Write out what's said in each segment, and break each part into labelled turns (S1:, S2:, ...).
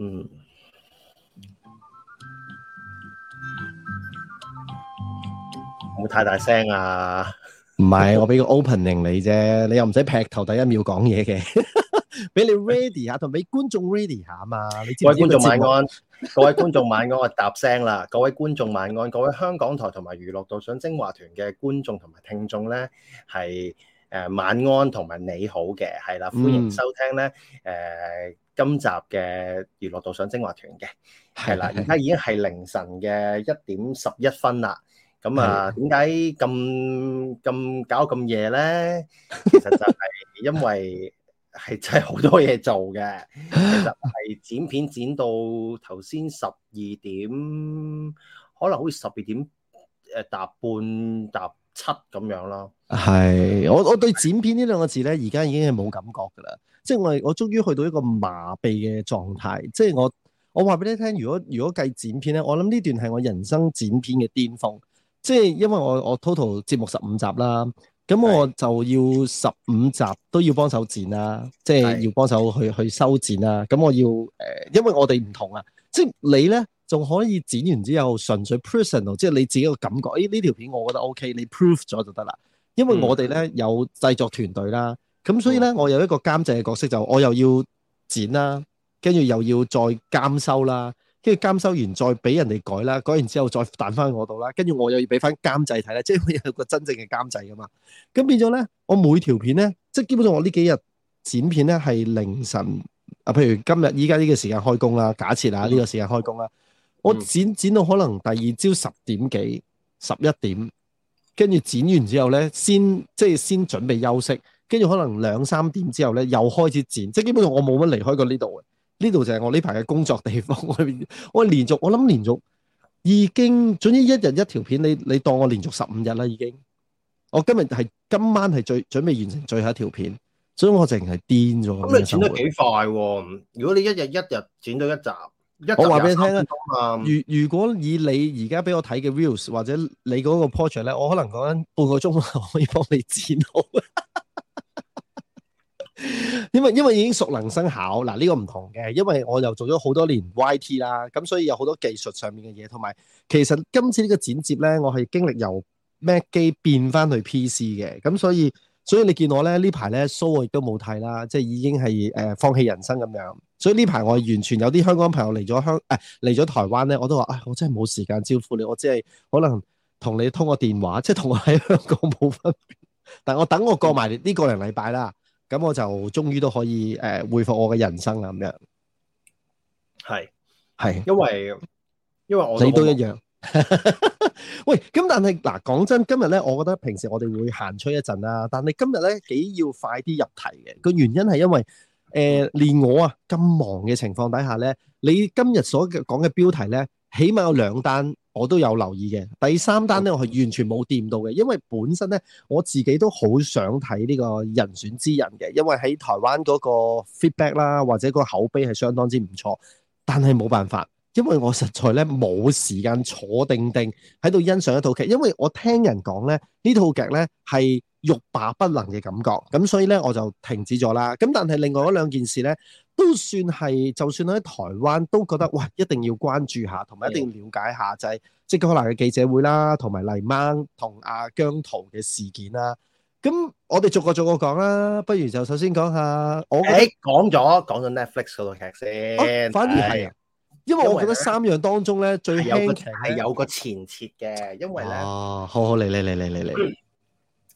S1: 嗯，唔
S2: 好太大聲啊！
S1: 唔係，我俾個 opening 你啫，你又唔使劈頭第一秒講嘢嘅，
S2: 俾你 ready 下同俾觀眾 ready 下啊嘛！
S3: 各位觀眾晚安，
S2: 各位觀眾晚安，我答聲啦。各位觀眾晚安，各位香港台同埋娛樂導賞精華團嘅觀眾同埋聽眾咧，係。誒晚安同埋你好嘅，係啦，歡迎收聽咧，誒今集嘅娛樂道上精華團嘅娛樂導賞精華團，係啦，而家已經係凌晨嘅一點十一分啦。咁啊，點解咁咁搞咁夜咧？其實就係因為係真係好多嘢做嘅，其實係剪片剪到頭先十二點，可能好似十二點誒，搭半搭、七咁樣咯，
S1: 係是、嗯、我我對剪片呢兩個字咧，而家已經係冇感覺噶啦， 即係我我終於去到一個麻痹嘅狀態，即係我我話俾你聽，如果如果計剪片咧，我諗呢段係我人生剪片嘅巔峰，即係因為我我 total 節目十五集啦，咁是我就要十五集都要幫手剪啦，即係是要幫手去是去修剪啦，咁我要誒、呃，因為我哋唔同啊，即係你咧。仲可以剪完之後純粹 personal，即係你自己個感覺。誒呢條片我覺得 OK，你 proof 咗就得啦。因為我哋咧有製作團隊啦，咁所以咧我有一個監製嘅角色，就我又要剪啦，跟住又要再監修啦，跟住監修完再俾人哋改啦，改完之後再彈翻我度啦，跟住我又要俾翻監製睇啦，即係會有個真正嘅監製噶嘛。咁變咗咧，我每條片咧，即係基本上我呢幾日剪片咧係凌晨啊，譬如今日依家呢個時間開工啦，假設啦呢個時間開工啦。我剪剪到可能第二朝十點幾、十一點，跟住剪完之後呢，先即係先準備休息，跟住可能兩三點之後呢，又開始剪，即係基本上我冇乜離開過呢度嘅。呢度就係我呢排嘅工作地方。我我連續，我諗連、連續已經，總之一日一條片，你你當我連續十五日啦已經。我今日係今晚係最準備完成最後一條片，所以我淨係癲咗咁。咁你剪得幾
S2: 快？如果你一日一日剪咗一集。我話俾你聽啊，如
S1: 如果，以你而家俾我睇嘅 views 或者你嗰個 project 咧，我可能講緊半個鐘可以幫你剪好。因為因為已經熟能生巧，嗱、這、呢個唔同嘅，因為我又做咗好多年 YT 啦，咁所以有好多技術上面嘅嘢，同埋其實今次呢個剪接咧，我係經歷由 Mac 機變翻去 PC 嘅，咁所以所以你見我咧呢排咧 show 我亦都冇睇啦，即係已經係誒放棄人生咁樣。所以呢排我完全有啲香港朋友嚟咗香，誒嚟咗台灣咧，我都話，唉，我真係冇時間招呼你，我只係可能同你通個電話，即係同我喺香港冇分別。但我等我過埋呢個零禮拜啦，咁我就終於都可以誒、呃，恢復我嘅人生啦，咁樣。
S2: 係係是，是因為因為我你都一樣
S1: 好。 喂，咁但係嗱，講真，今日咧，我覺得平時我哋會行出一陣啦，但係今日咧幾要快啲入題嘅，個原因係因為。誒、呃，連我啊咁忙嘅情況底下呢，你今日所講嘅標題呢，起碼有兩單我都有留意嘅，第三單呢，我係完全冇掂到嘅，因為本身呢，我自己都好想睇呢個人選之人嘅，因為喺台灣嗰個 feedback 啦，或者個口碑係相當之唔錯，但係冇辦法。因為我實在咧冇時間坐定定喺度欣賞一套劇，因為我聽人講咧呢套劇咧係欲罷不能嘅感覺，咁所以咧我就停止咗啦。咁但係另外嗰兩件事咧都算係，就算喺台灣都覺得，哇，一定要關注下，同埋一定要了解下，就係即刻可能嘅記者會啦，同埋泥鯭同阿姜濤嘅事件啦。咁我哋逐個逐個講啦，不如就首先講下我誒，
S2: 講咗講緊 Netflix 嗰套劇先，反而係啊。因為我覺得三
S1: 樣當中咧最輕係
S2: 有個前設嘅，因為咧哦，好好嚟嚟嚟嚟嚟嚟，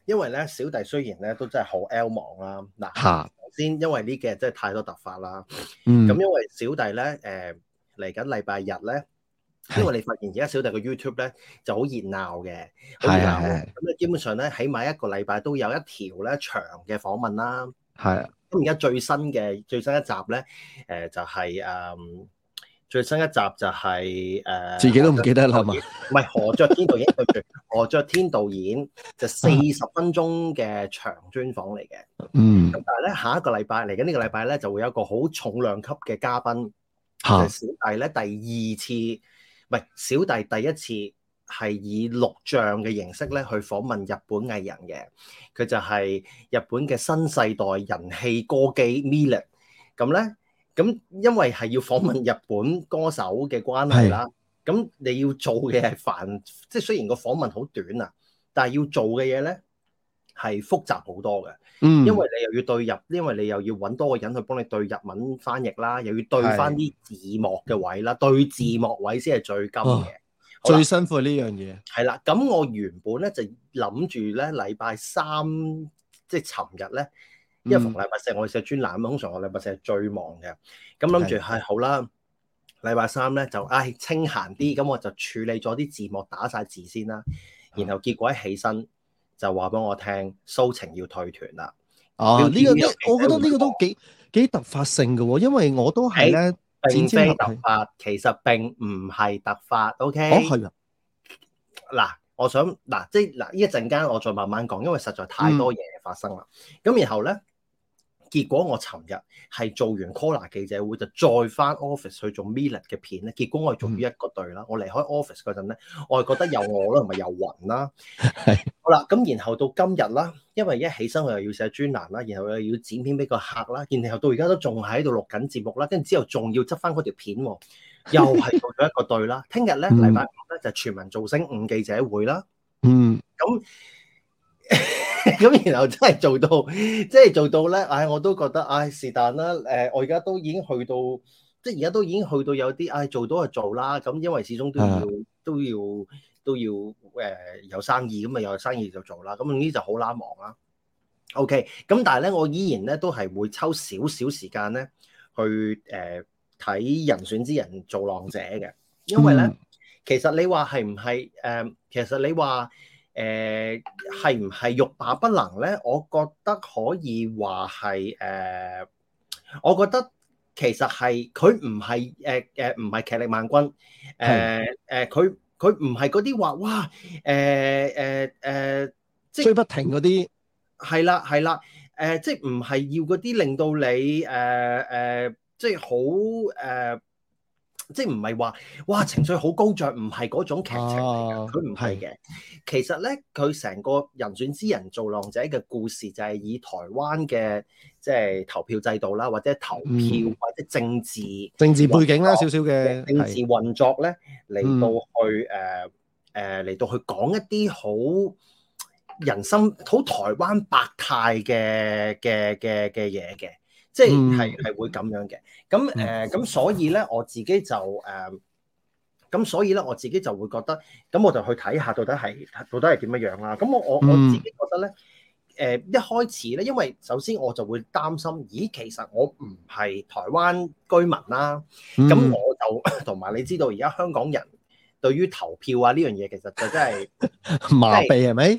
S2: 因為咧小弟雖然咧都真係好 L 忙啦，嗱嚇先，因為呢幾日真係太多突發啦，咁、嗯、因為小弟咧誒嚟緊禮拜日咧，因為你發現而家小弟個 YouTube 咧就好熱鬧嘅，係係咁咧，基本上咧起碼一個禮拜都有一條咧長嘅訪問啦，
S3: 係咁
S2: 而家最新嘅最新一集咧誒、呃、就係、是、嗯。最新一集就係、是、誒，呃、自己都唔記得啦嘛。唔係、啊、何爵天導演， 何爵天導演就四、是、十分鐘嘅長專訪嚟嘅。嗯。咁但係咧，下一個禮拜嚟緊呢個禮拜咧，就會有一個好重量級嘅嘉賓。
S3: 嚇、就是。
S2: 小弟咧第二次，唔係小弟第一次係以錄像嘅形式咧去訪問日本藝人嘅。佢就係日本嘅新世代人氣歌姬 Milet。咁咧。咁因為係要訪問日本歌手嘅關係啦，咁是你要做嘅係煩，即係雖然個訪問好短啊，但係要做嘅嘢咧係複雜好多嘅、嗯，因為你又要對入，因為你又要揾多個人去幫你對日文翻譯啦，又要對翻啲字幕嘅位啦，是對字幕位先係最急嘅，哦、啦最辛苦呢樣嘢。係啦，咁我原本咧就諗住咧禮拜三，即係尋日咧。因為逢禮拜四我係寫專欄，通常我禮拜四係最忙嘅。咁諗住係好啦，禮拜三咧就唉、哎、清閒啲，咁我就處理咗啲字幕，打晒字先啦。然後結果一起身就話俾我聽，蘇晴要退團啦。哦、啊、呢、這個啲，我覺得呢
S1: 個都幾幾突發性嘅喎，因為我都係咧。並非突
S2: 發，嗯、其實並唔係突發。O、okay? K. 哦，係啊。嗱，我想嗱，即係嗱，呢一陣間我再慢慢講，因為實在太多嘢發生啦。咁、嗯、然後咧。結果我尋日係做完 COLLAR 記者會，就再翻 office 去做 millet 嘅片咧。結果我做咗一個隊啦。我離開 office 嗰陣咧，我係覺得又餓啦，同埋又暈啦。係。好啦，咁然後到今日啦，因為一起身我又要寫專欄啦，然後又要剪片俾個客啦，然後到而家都仲喺度錄緊節目啦，跟住之後仲要執翻嗰條片喎，又係做咗一個隊啦。聽日咧，禮拜五咧就全民造星五記者會啦。
S3: 嗯
S2: 那。咁。 咁然後真係做到，即、就、係、是、做到咧。唉、哎，我都覺得唉，是但啦。誒，我而家都已經去到，即係而家都已經去到有啲唉、哎，做到就做啦。咁因為始終都要都要都要誒、呃、有生意，咁咪有生意就做啦。咁呢就好啱忙啦。OK，咁但係咧，我依然咧都係會抽少少時間咧去誒睇、呃、人選之人造浪者嘅，
S3: 因為咧、嗯、
S2: 其實你話係唔係誒？其實你話。誒，係唔係欲罷不能咧？我覺得可以話係誒，我覺得其實係佢唔係誒誒，唔係劇力萬鈞，誒、呃、誒，佢佢唔係嗰啲話，哇，誒誒誒，呃呃、即係追不停嗰啲，係啦係啦，誒、呃，即係唔係要嗰啲令到你誒誒、呃，即係好誒。呃即係唔係話，哇，情緒好高漲，唔係嗰種劇情嚟噶，佢唔係嘅。其實咧，佢成個人選之人造浪者嘅故事，就係以台灣嘅即係投票制度啦，或者投票、嗯、或者政治政治背景啦，少
S3: 少嘅政治
S2: 運作咧嚟的到去誒誒嚟到去講一啲好人心好台灣百態嘅嘅嘅嘅嘢嘅。嗯、即係係會咁樣嘅，咁誒、咁所以咧，我自己就誒，咁、呃、所以咧，我自己就會覺得，咁我就去睇下到底係到底係點樣樣、啊、啦。咁我我我自己覺得咧、呃，一開始咧，因為首先我就會擔心，咦，其實我唔係台灣居民啦、啊，咁我就同埋、嗯、你知道而家香港人。對於投票啊呢樣嘢，這件事其實就真
S3: 係麻痹係咪？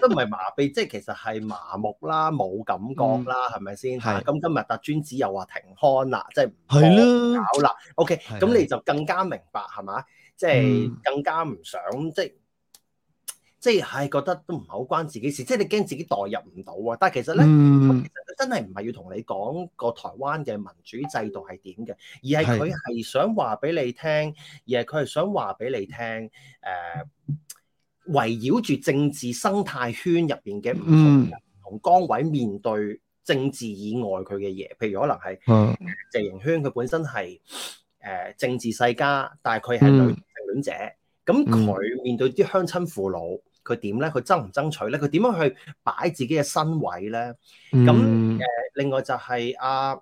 S2: 都唔係麻痹，即係、就是、其實係麻木啦，冇感覺啦，係咪先？係。咁、啊、今日特專子又話停刊啦，是即係唔好搞啦。
S3: OK，咁你
S2: 就更加明白係嘛？即係、就是、更加唔想、嗯、即係。即係、哎、覺得都唔係好關自己事，即係你驚自己代入唔到啊！但係其實咧，嗯、
S3: 其
S2: 實佢真係唔係要同你講個台灣嘅民主制度係點嘅，而係佢係想話俾你聽，是而係佢係想話俾你聽，誒、呃，圍繞住政治生態圈入邊嘅唔同人同崗位面對政治以外佢嘅嘢，嗯、譬如可能係、嗯、謝盈萱，佢本身係誒、呃、政治世家，但係佢係女性戀者，咁佢、嗯、面對啲鄉親父老。佢點咧？佢爭唔爭取咧？佢點樣去擺自己嘅身位咧？咁誒、嗯，另外就係啊，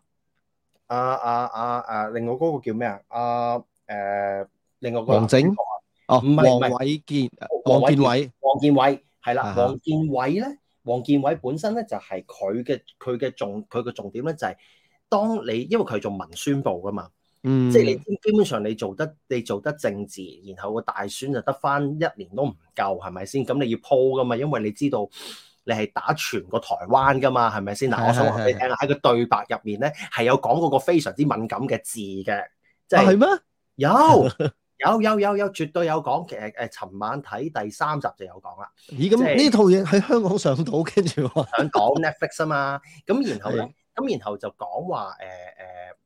S2: 啊，啊，阿誒，另外嗰個叫咩啊？啊，誒、啊，另外嗰個、啊啊、王靖
S3: 哦，唔係唔係，王
S2: 建是王建偉，王建偉係啦，王建偉咧，王建偉本身咧就係佢嘅佢嘅重佢嘅重點咧就係，當你因為佢係做文宣部㗎嘛。嗯，即係你基本上你做得你做得政治，然後個大選就得翻一年都唔夠，係咪先？咁你要鋪噶嘛，因為你知道你係打全個台灣噶嘛，係咪先嗱？是是是，我想話俾你聽啦，喺個對白入面咧，係有講嗰個非常之敏感嘅字嘅，即係係咩？有有有有有，絕對有講。其實誒，尋晚睇第三集就有講啦。咦、 就是，咁呢套
S1: 嘢喺香港上到，跟住我想
S2: 講 Netflix 啊嘛。咁然後咁是然後就講話誒誒。呃呃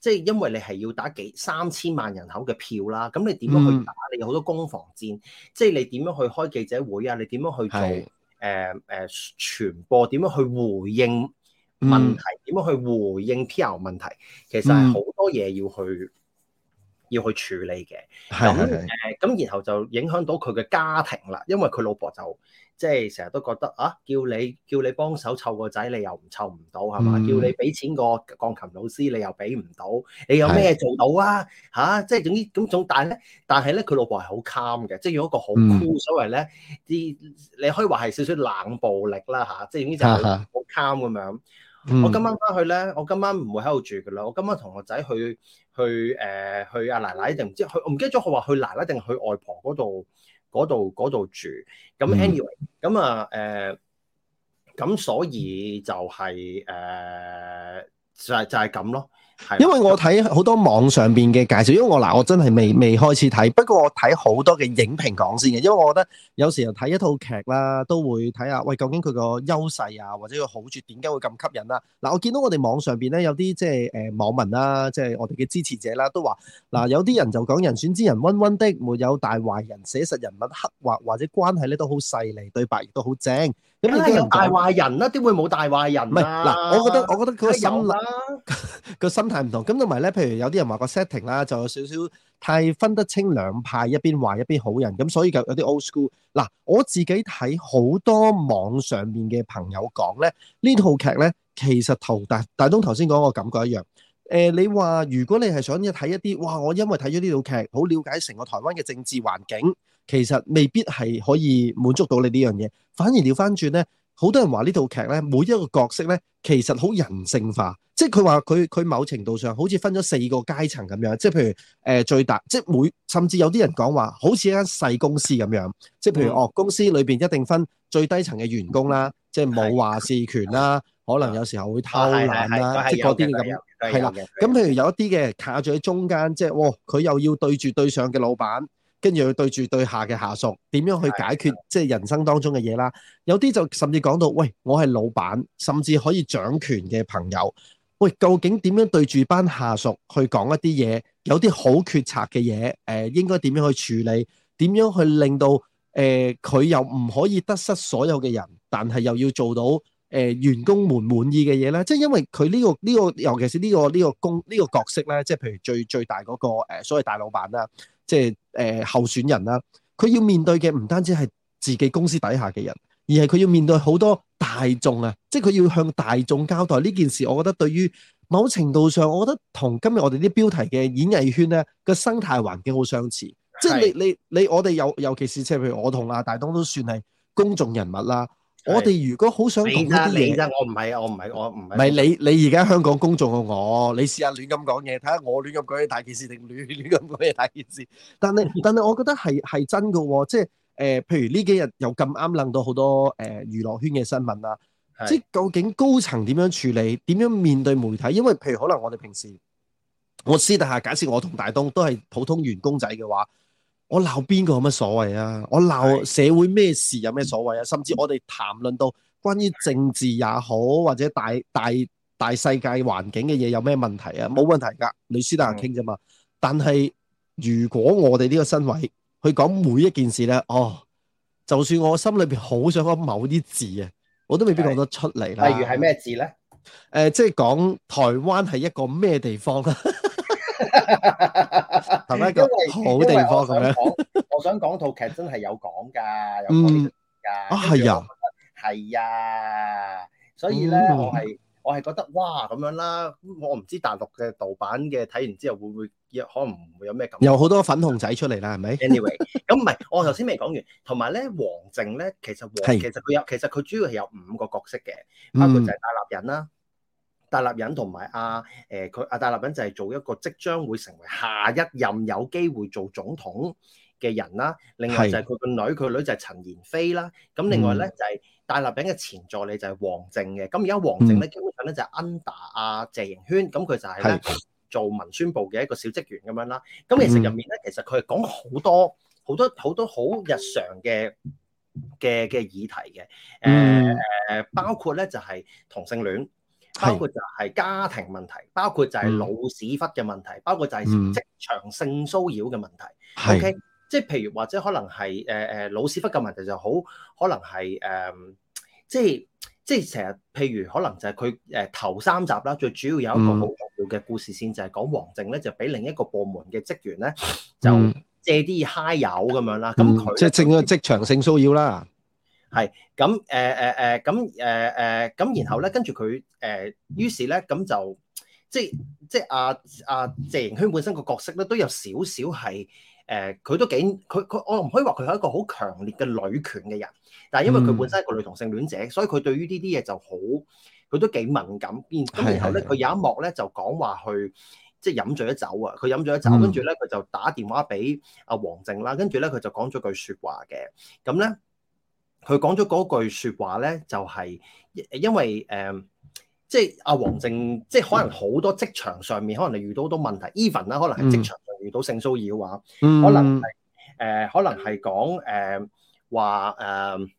S2: 即係因為你係要打幾三千萬人口嘅票啦，咁你點樣去打？你有好多攻防戰，嗯、即係你點樣去開記者會啊？你點樣去做？誒誒是、呃、傳播？點樣去回應問題？點樣、嗯、去回應 PR 問題？其實係好多嘢要去、嗯、要去處理嘅。咁咁然後就影響到佢嘅家庭啦，因為佢老婆就。即係成日都覺得啊，叫你叫你幫手湊個仔，你又唔湊唔到係嘛？叫你俾錢個鋼琴老師，你又俾唔到，你有咩做到啊？吓是的、啊？即係總之咁總，但係咧，但係咧，佢老婆係好 calm 嘅，即係有一個好酷、cool 嗯、所謂咧啲，你可以話係少少冷暴力啦吓、啊？即係總之就係好 calm 咁樣。的我今晚翻去咧，嗯、我今晚唔會喺度住㗎啦。我今晚同個仔去去誒去、呃、去阿奶奶定唔知去？我唔記得咗，佢話去奶奶定去外婆嗰度。嗰度度住，咁 anyway，咁啊誒，咁、呃、所以就係、是、誒、呃，就係、是、就係、是、咁咯。因為
S1: 我睇好多網上邊嘅介紹，因為我嗱，我真係未未開始睇，不過我睇好多嘅影評講先嘅，因為我覺得有時候睇一套劇啦，都會睇下喂，究竟佢個優勢啊，或者個好處點解會咁吸引啦。嗱，我見到我哋網上邊咧有啲即係誒網民啦，即係我哋嘅支持者啦，都話嗱，有啲人就講人選之人溫溫的，沒有大壞人，寫實人物刻畫或者關係咧都好細膩，對白亦都好正。邊有人，有壞人，啊、有大壞人啦，啊？點會冇大壞人？唔係嗱，我覺得我覺得佢個心諗個心態唔同。咁同埋咧，譬如有啲人話個 setting 啦，就有少少太分得清兩派，一邊壞一邊好人。咁所以就有有啲 old school 嗱，我自己睇好多網上面嘅朋友講咧，這呢套劇咧其實同大大東頭先講個感覺一樣。誒、呃，你話如果你係想睇一啲哇，我因為睇咗呢套劇，好了解成個台灣嘅政治環境。其實未必係可以滿足到你呢樣嘢，反而調翻轉咧，好多人話呢套劇咧，每一個角色咧，其實好人性化，即係佢話佢佢某程度上好似分咗四個階層咁樣，即係譬如誒、呃、最大，即係每甚至有啲人講話，好似一間細公司咁樣，即係譬如、嗯、哦公司裏邊一定分最低層嘅員工啦，即係冇話事權啦，的可能有時候會偷懶啦，哦、即係嗰啲咁樣，係啦。咁、嗯、譬如有一啲嘅卡住喺中間，即係哇，佢、哦、又要對住對上嘅老闆。跟住要對住對下嘅下屬，點樣去解決即係人生當中嘅嘢啦？對對對對有啲就甚至講到，喂，我係老闆，甚至可以掌權嘅朋友，喂，究竟點樣對住班下屬去講一啲嘢？有啲好決策嘅嘢，誒、呃，應該點樣去處理？點樣去令到誒佢、呃、又唔可以得失所有嘅人，但係又要做到誒、呃、員工們滿意嘅嘢咧？即、就、係、是、因為佢呢、這個呢、這個，尤其是呢、這個呢、這個公呢、這個角色咧，即係譬如最最大嗰、那個誒所謂大老闆啦。即係誒、呃、候選人啦、啊，佢要面對嘅唔單止係自己公司底下嘅人，而係佢要面對好多大眾啊！即係佢要向大眾交代呢件事。我覺得對於某程度上，我覺得同今日我哋啲標題嘅演藝圈咧個生態環境好相似。是即係你你你，你你我哋有尤其是即係譬如我同阿大東都算係公眾人物啦。我哋如果好想同嗰啲你啦，我唔係，
S2: 我唔係，我唔
S1: 係。唔係你，你而家香港公眾嘅我，你試下亂咁講嘢，睇下我亂咁講嘢，大件事定
S3: 亂亂咁講嘢，大件事。
S1: 但係，但係，我覺得係係真嘅喎、哦，即係誒、呃，譬如呢幾日又咁啱諗到好多誒、呃、娛樂圈嘅新聞啦、啊。是即係究竟高層點樣處理，點樣面對媒體？因為譬如可能我哋平時，我私底下假設，我同大東都係普通員工仔嘅話。我鬧邊個有乜所謂啊？我鬧社會咩事有咩所謂啊？的甚至我哋談論到關於政治也好，或者大大大世界環境嘅嘢有咩問題啊？冇的問題噶，你私底下傾啫嘛。的但係如果我哋呢個身位去講每一件事咧，哦，就算我心裏邊好想講某啲字啊，我都未必講得出嚟啦。例如係咩字咧？誒、呃，即係講台灣係一個咩地方
S3: 係一個好地方咁樣，
S2: 我想講套劇真係有講噶，有講噶，係啊，係啊，所以咧，我係我係覺得哇咁樣啦，咁我唔知大陸嘅盜版嘅睇完之後會唔會，亦可能唔會有咩感覺，有
S1: 好多粉紅仔出嚟啦，係咪？Anyway，
S2: 咁唔係，我頭先未講完，同埋咧，王淨咧，其實王其實佢有，其實佢主要係有五個角色嘅，包括就係戴立忍啦。戴立忍同埋阿誒佢阿戴立忍就係做一個即將會成為下一任有機會做總統嘅人啦，另外就係佢個女，佢女就係陳妍霏啦。咁另外咧、嗯、就係戴立忍嘅前助理就係王淨嘅。咁而家王淨咧、嗯、基本上咧就係 under 阿、啊、謝盈萱，咁佢就係是做文宣部嘅一個小職員咁樣啦。咁其實入面咧，嗯、其實佢係講好多好多好多好日常嘅嘅嘅議題嘅，誒、呃、誒、嗯、包括咧就係、是、同性戀。包括就係家庭問題，包括就係老屎忽嘅問題，嗯、包括就係職場性騷擾嘅問題。O K，即係譬如或者可能係誒誒老屎忽嘅問題就好，可能係誒、呃、即係即係成日譬如可能就係佢誒頭三集啦，最主要有一個好重要嘅故事線就係講黃靜咧就俾另一個部門嘅職員咧就借啲揩油咁樣啦，咁佢即
S1: 係正一職場性騷
S2: 擾啦。係咁誒咁咁，然後咧跟住佢誒，於、呃、是咧咁就即即阿、啊、阿、啊、謝盈萱本身個角色咧都有少少係誒，佢、呃、都幾佢佢我唔可以話佢係一個好強烈嘅女權嘅人，但係因為佢本身係個女同性戀者，嗯、所以佢對於呢啲嘢就好佢都幾敏感。然咁然後咧，佢、嗯、有一幕咧就講話去即飲醉咗酒啊，佢飲醉咗酒，跟住咧佢就打電話俾阿王靜啦，跟住咧佢就講咗句說話嘅咁咧。佢講咗嗰句説話咧，就係、是、因為誒、呃，即係阿黃靜，即係可能好多職場上面可能你遇到好多問題，even 啦，可能係職場上遇到性騷擾話，可能
S3: 係
S2: 誒，可能係講誒話誒誒，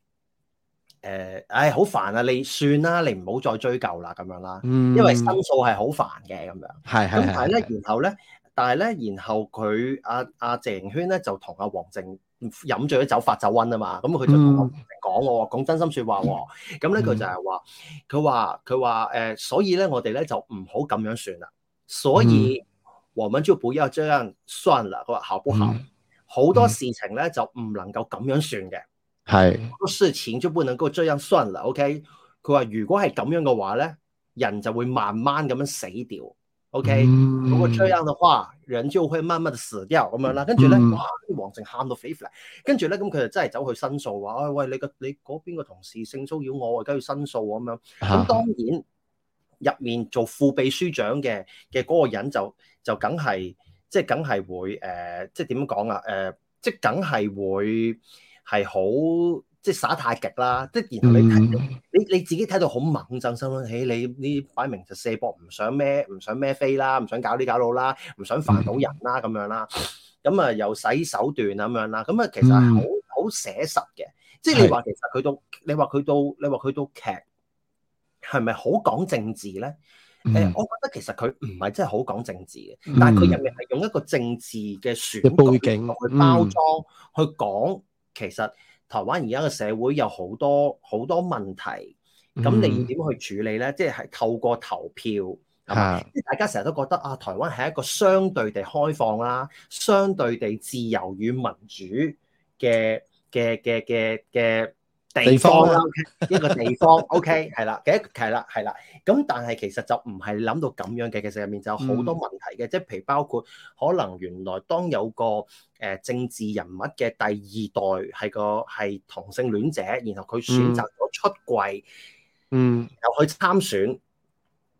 S2: 唉、呃，好、哎、煩啊！你算啦，你唔好再追究啦，咁樣啦，因為申訴係好煩嘅咁樣。係係咁但係咧，然後咧，但係咧，然後佢阿阿謝盈軒咧就同阿黃靜。飲醉咗酒發酒瘟啊嘛，咁、嗯、佢、嗯、就同我講我講真心說話喎。咁咧佢就係話，佢話佢話誒，所以咧我哋咧就唔好咁樣算啦。嗯、所以我哋就唔好咁樣算啦，佢話考不好，好、嗯嗯、多事情咧就唔能夠咁樣算嘅。
S3: 係，
S2: 個書錢就不能夠咁樣算啦。OK，佢話如果係咁樣嘅話咧，人就會慢慢咁樣死掉。OK，、嗯、如果這樣嘅話。兩招可以乜乜事掉咁樣啦，跟住咧，mm hmm. 哇！黃靜喊到飛飛嚟，跟住咧，咁佢就真係走去申訴話，喂，你個你嗰邊個同事性騷擾我，我而家要申訴咁樣。咁當然入面做副秘書長嘅嘅嗰個人就就梗係即係梗係會誒，即係點講啊？誒、呃，即係梗係會係好。即係耍太極啦，即係然後你睇到你你自己睇到好猛憎心啦，誒你呢擺明就射波唔想咩唔想咩飛啦，唔想搞啲搞到啦，唔想煩到人啦咁樣啦，咁啊又使手段啊咁樣啦，咁啊其實係好好寫實嘅，即係你話其實佢到你話佢到你話佢到劇係咪好講政治咧？誒，我覺得其實佢唔係真係好講政治嘅，但係佢入面係用一個政治嘅選背景去包裝去講其實。台灣而家嘅社會有好多好多問題，咁你要點去處理咧？Mm hmm. 即係透過投票，係嘛？即係大家成日都覺得啊，台灣係一個相對地開放啦，相對地自由與民主嘅嘅嘅嘅嘅。地方啦，一個地方 ，OK，係啦，嘅係啦，係啦，咁但係其實就唔係諗到咁樣嘅，其實入面就有好多問題嘅，即係譬如包括可能原來當有個誒、呃、政治人物嘅第二代係個係同性戀者，然後佢選擇咗出櫃，嗯，又去參選，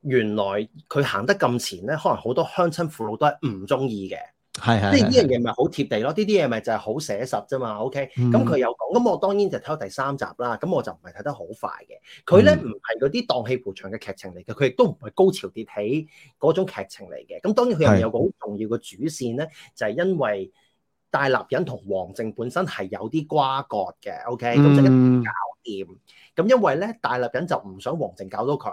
S2: 原來佢行得咁前咧，可能好多鄉親父老都係唔中意嘅。
S3: 係係，即係呢樣嘢
S2: 咪好貼地咯？呢啲嘢咪就係好寫實啫嘛。OK，咁佢又講，咁我當然就睇到第三集啦。咁我就唔係睇得好快嘅。佢咧唔係嗰啲蕩氣迴腸嘅劇情嚟嘅，佢亦都唔係高潮迭起嗰種劇情嚟嘅。咁當然佢又有個好重要嘅主線咧，的就係因為戴立忍同王淨本身係有啲瓜葛嘅。OK，咁即刻搞掂。咁因為咧，戴立忍就唔想王淨搞到佢，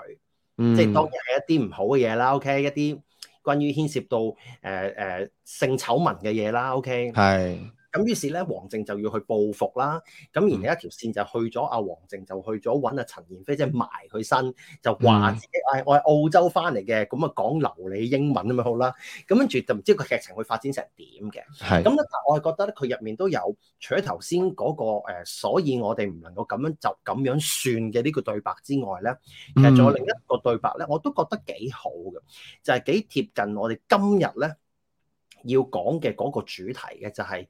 S3: 嗯、即係當
S2: 然係一啲唔好嘅嘢啦。OK，一啲。關於牽涉到誒誒、呃呃、性醜聞嘅嘢啦，OK？係。咁於是咧，王靖就要去報復啦。咁然後一條線就去咗阿王靖就了，就去咗揾阿陳燕飛，即係埋佢身，就話自己誒、嗯哎、我係澳洲翻嚟嘅，咁啊講流利英文咁咪好啦。咁跟住就唔知個劇情會發展成點嘅。
S3: 係咁咧，
S2: 我係覺得咧，佢入面都有除咗頭先嗰個、呃、所以我哋唔能夠咁樣就咁樣算嘅呢個對白之外咧，其實仲有另一個對白咧，我都覺得幾好嘅，就係、是、幾貼近我哋今日咧要講嘅嗰個主題嘅，就係、是。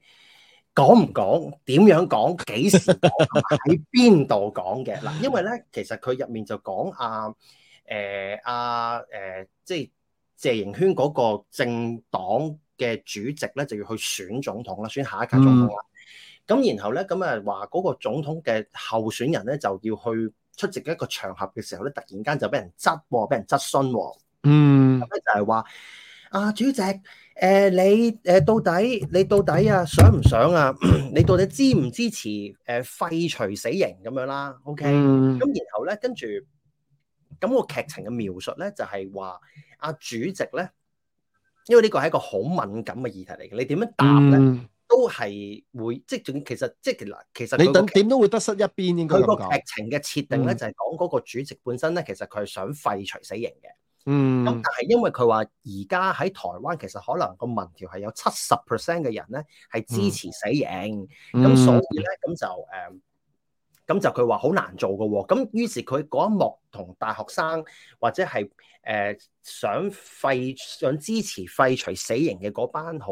S2: 講唔講？點樣講？幾時講喺邊度講嘅？嗱，因為咧，其實佢入面就講阿誒阿誒，即係謝盈萱嗰個政黨嘅主席咧，就要去選總統啦，選下一屆總統啦。咁、嗯、然後咧，咁啊話嗰個總統嘅候選人咧，就要去出席一個場合嘅時候咧，突然間就俾人執，俾人質詢。嗯，咁咧就係話阿主席。誒、呃，你誒、呃，到底你到底啊想唔想啊？你到底支唔支持誒廢、呃、除死刑咁樣啦？OK，咁、嗯、然後咧，跟住咁、這個劇情嘅描述咧，就係話阿主席咧，因為呢個係一個好敏感嘅議題嚟嘅，你點樣答咧、嗯、都係會即係仲其實即係嗱，其實你等點
S1: 都會得失一邊，應該咁講。佢個劇
S2: 情嘅設定咧就係講嗰個主席本身咧，嗯、其實佢係想廢除死刑嘅。嗯，咁但係因為佢話而家喺台灣，其實可能個民調係有七十 percent 嘅人咧係支持死刑，咁、嗯、所以咧咁就誒，咁、呃、就佢話好難做㗎、啊，咁於是佢嗰一幕同大學生或者係誒、呃、想廢想支持廢除死刑嘅嗰班好